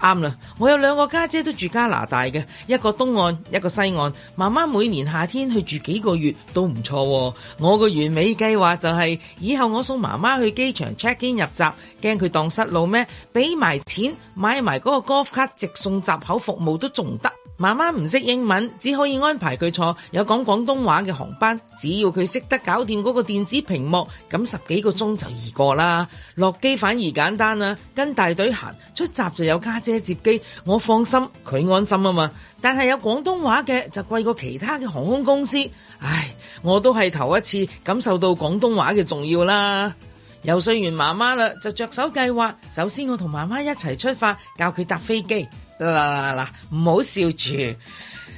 C: 啱啦，我有兩個家姐都住加拿大嘅，一個東岸，一個西岸，媽媽每年夏天去住幾個月都唔錯喎。我個完美計劃就係以後我送媽媽去機場 check in 入閘。驚佢蕩失路咩？俾埋錢買埋嗰個 Golf 卡，直送閘口服務都仲得。媽媽唔識英文，只可以安排佢坐有講廣東話嘅航班。只要佢識得搞掂嗰個電子屏幕，咁十幾個鐘就易過啦。落機反而簡單啦，跟大隊行出閘就有家姐接機，我放心，佢安心啊嘛。但係有廣東話嘅就貴過其他嘅航空公司。唉，我都係頭一次感受到廣東話嘅重要啦。游說完媽媽，媽媽啦就着手計劃。首先，我同媽媽一齊出發，教佢搭飛機。嗱嗱嗱，唔好笑住。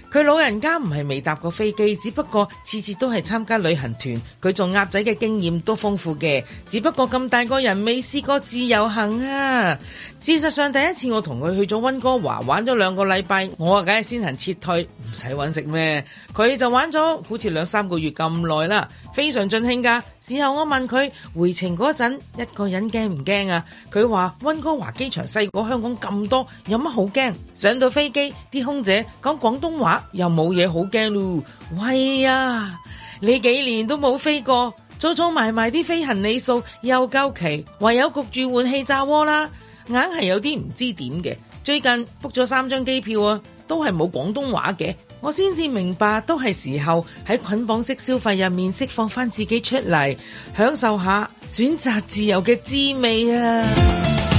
C: 佢老人家唔係未搭過飛機，只不過次次都係參加旅行團。佢做鴨仔嘅經驗都豐富嘅，只不過咁大個人未試過自由行啊。事實上，第一次我同佢去咗溫哥華玩咗兩個禮拜，我啊梗係先行撤退，唔使揾食咩。佢就玩咗好似兩三個月咁耐啦。非常盡興㗎！事後我問佢回程嗰陣，一個人驚唔驚啊？佢話溫哥華機場細過香港咁多，有乜好驚？上到飛機，啲空姐講廣東話，又冇嘢好驚咯。喂呀，你幾年都冇飛過，粗粗埋埋啲飛行李數又夠期，唯有焗住換氣炸鍋啦，硬係有啲唔知點嘅。最近 book 咗三張機票啊，都係冇廣東話嘅。我先至明白，都係時候喺捆綁式消費入面釋放翻自己出嚟，享受下選擇自由嘅滋味啊！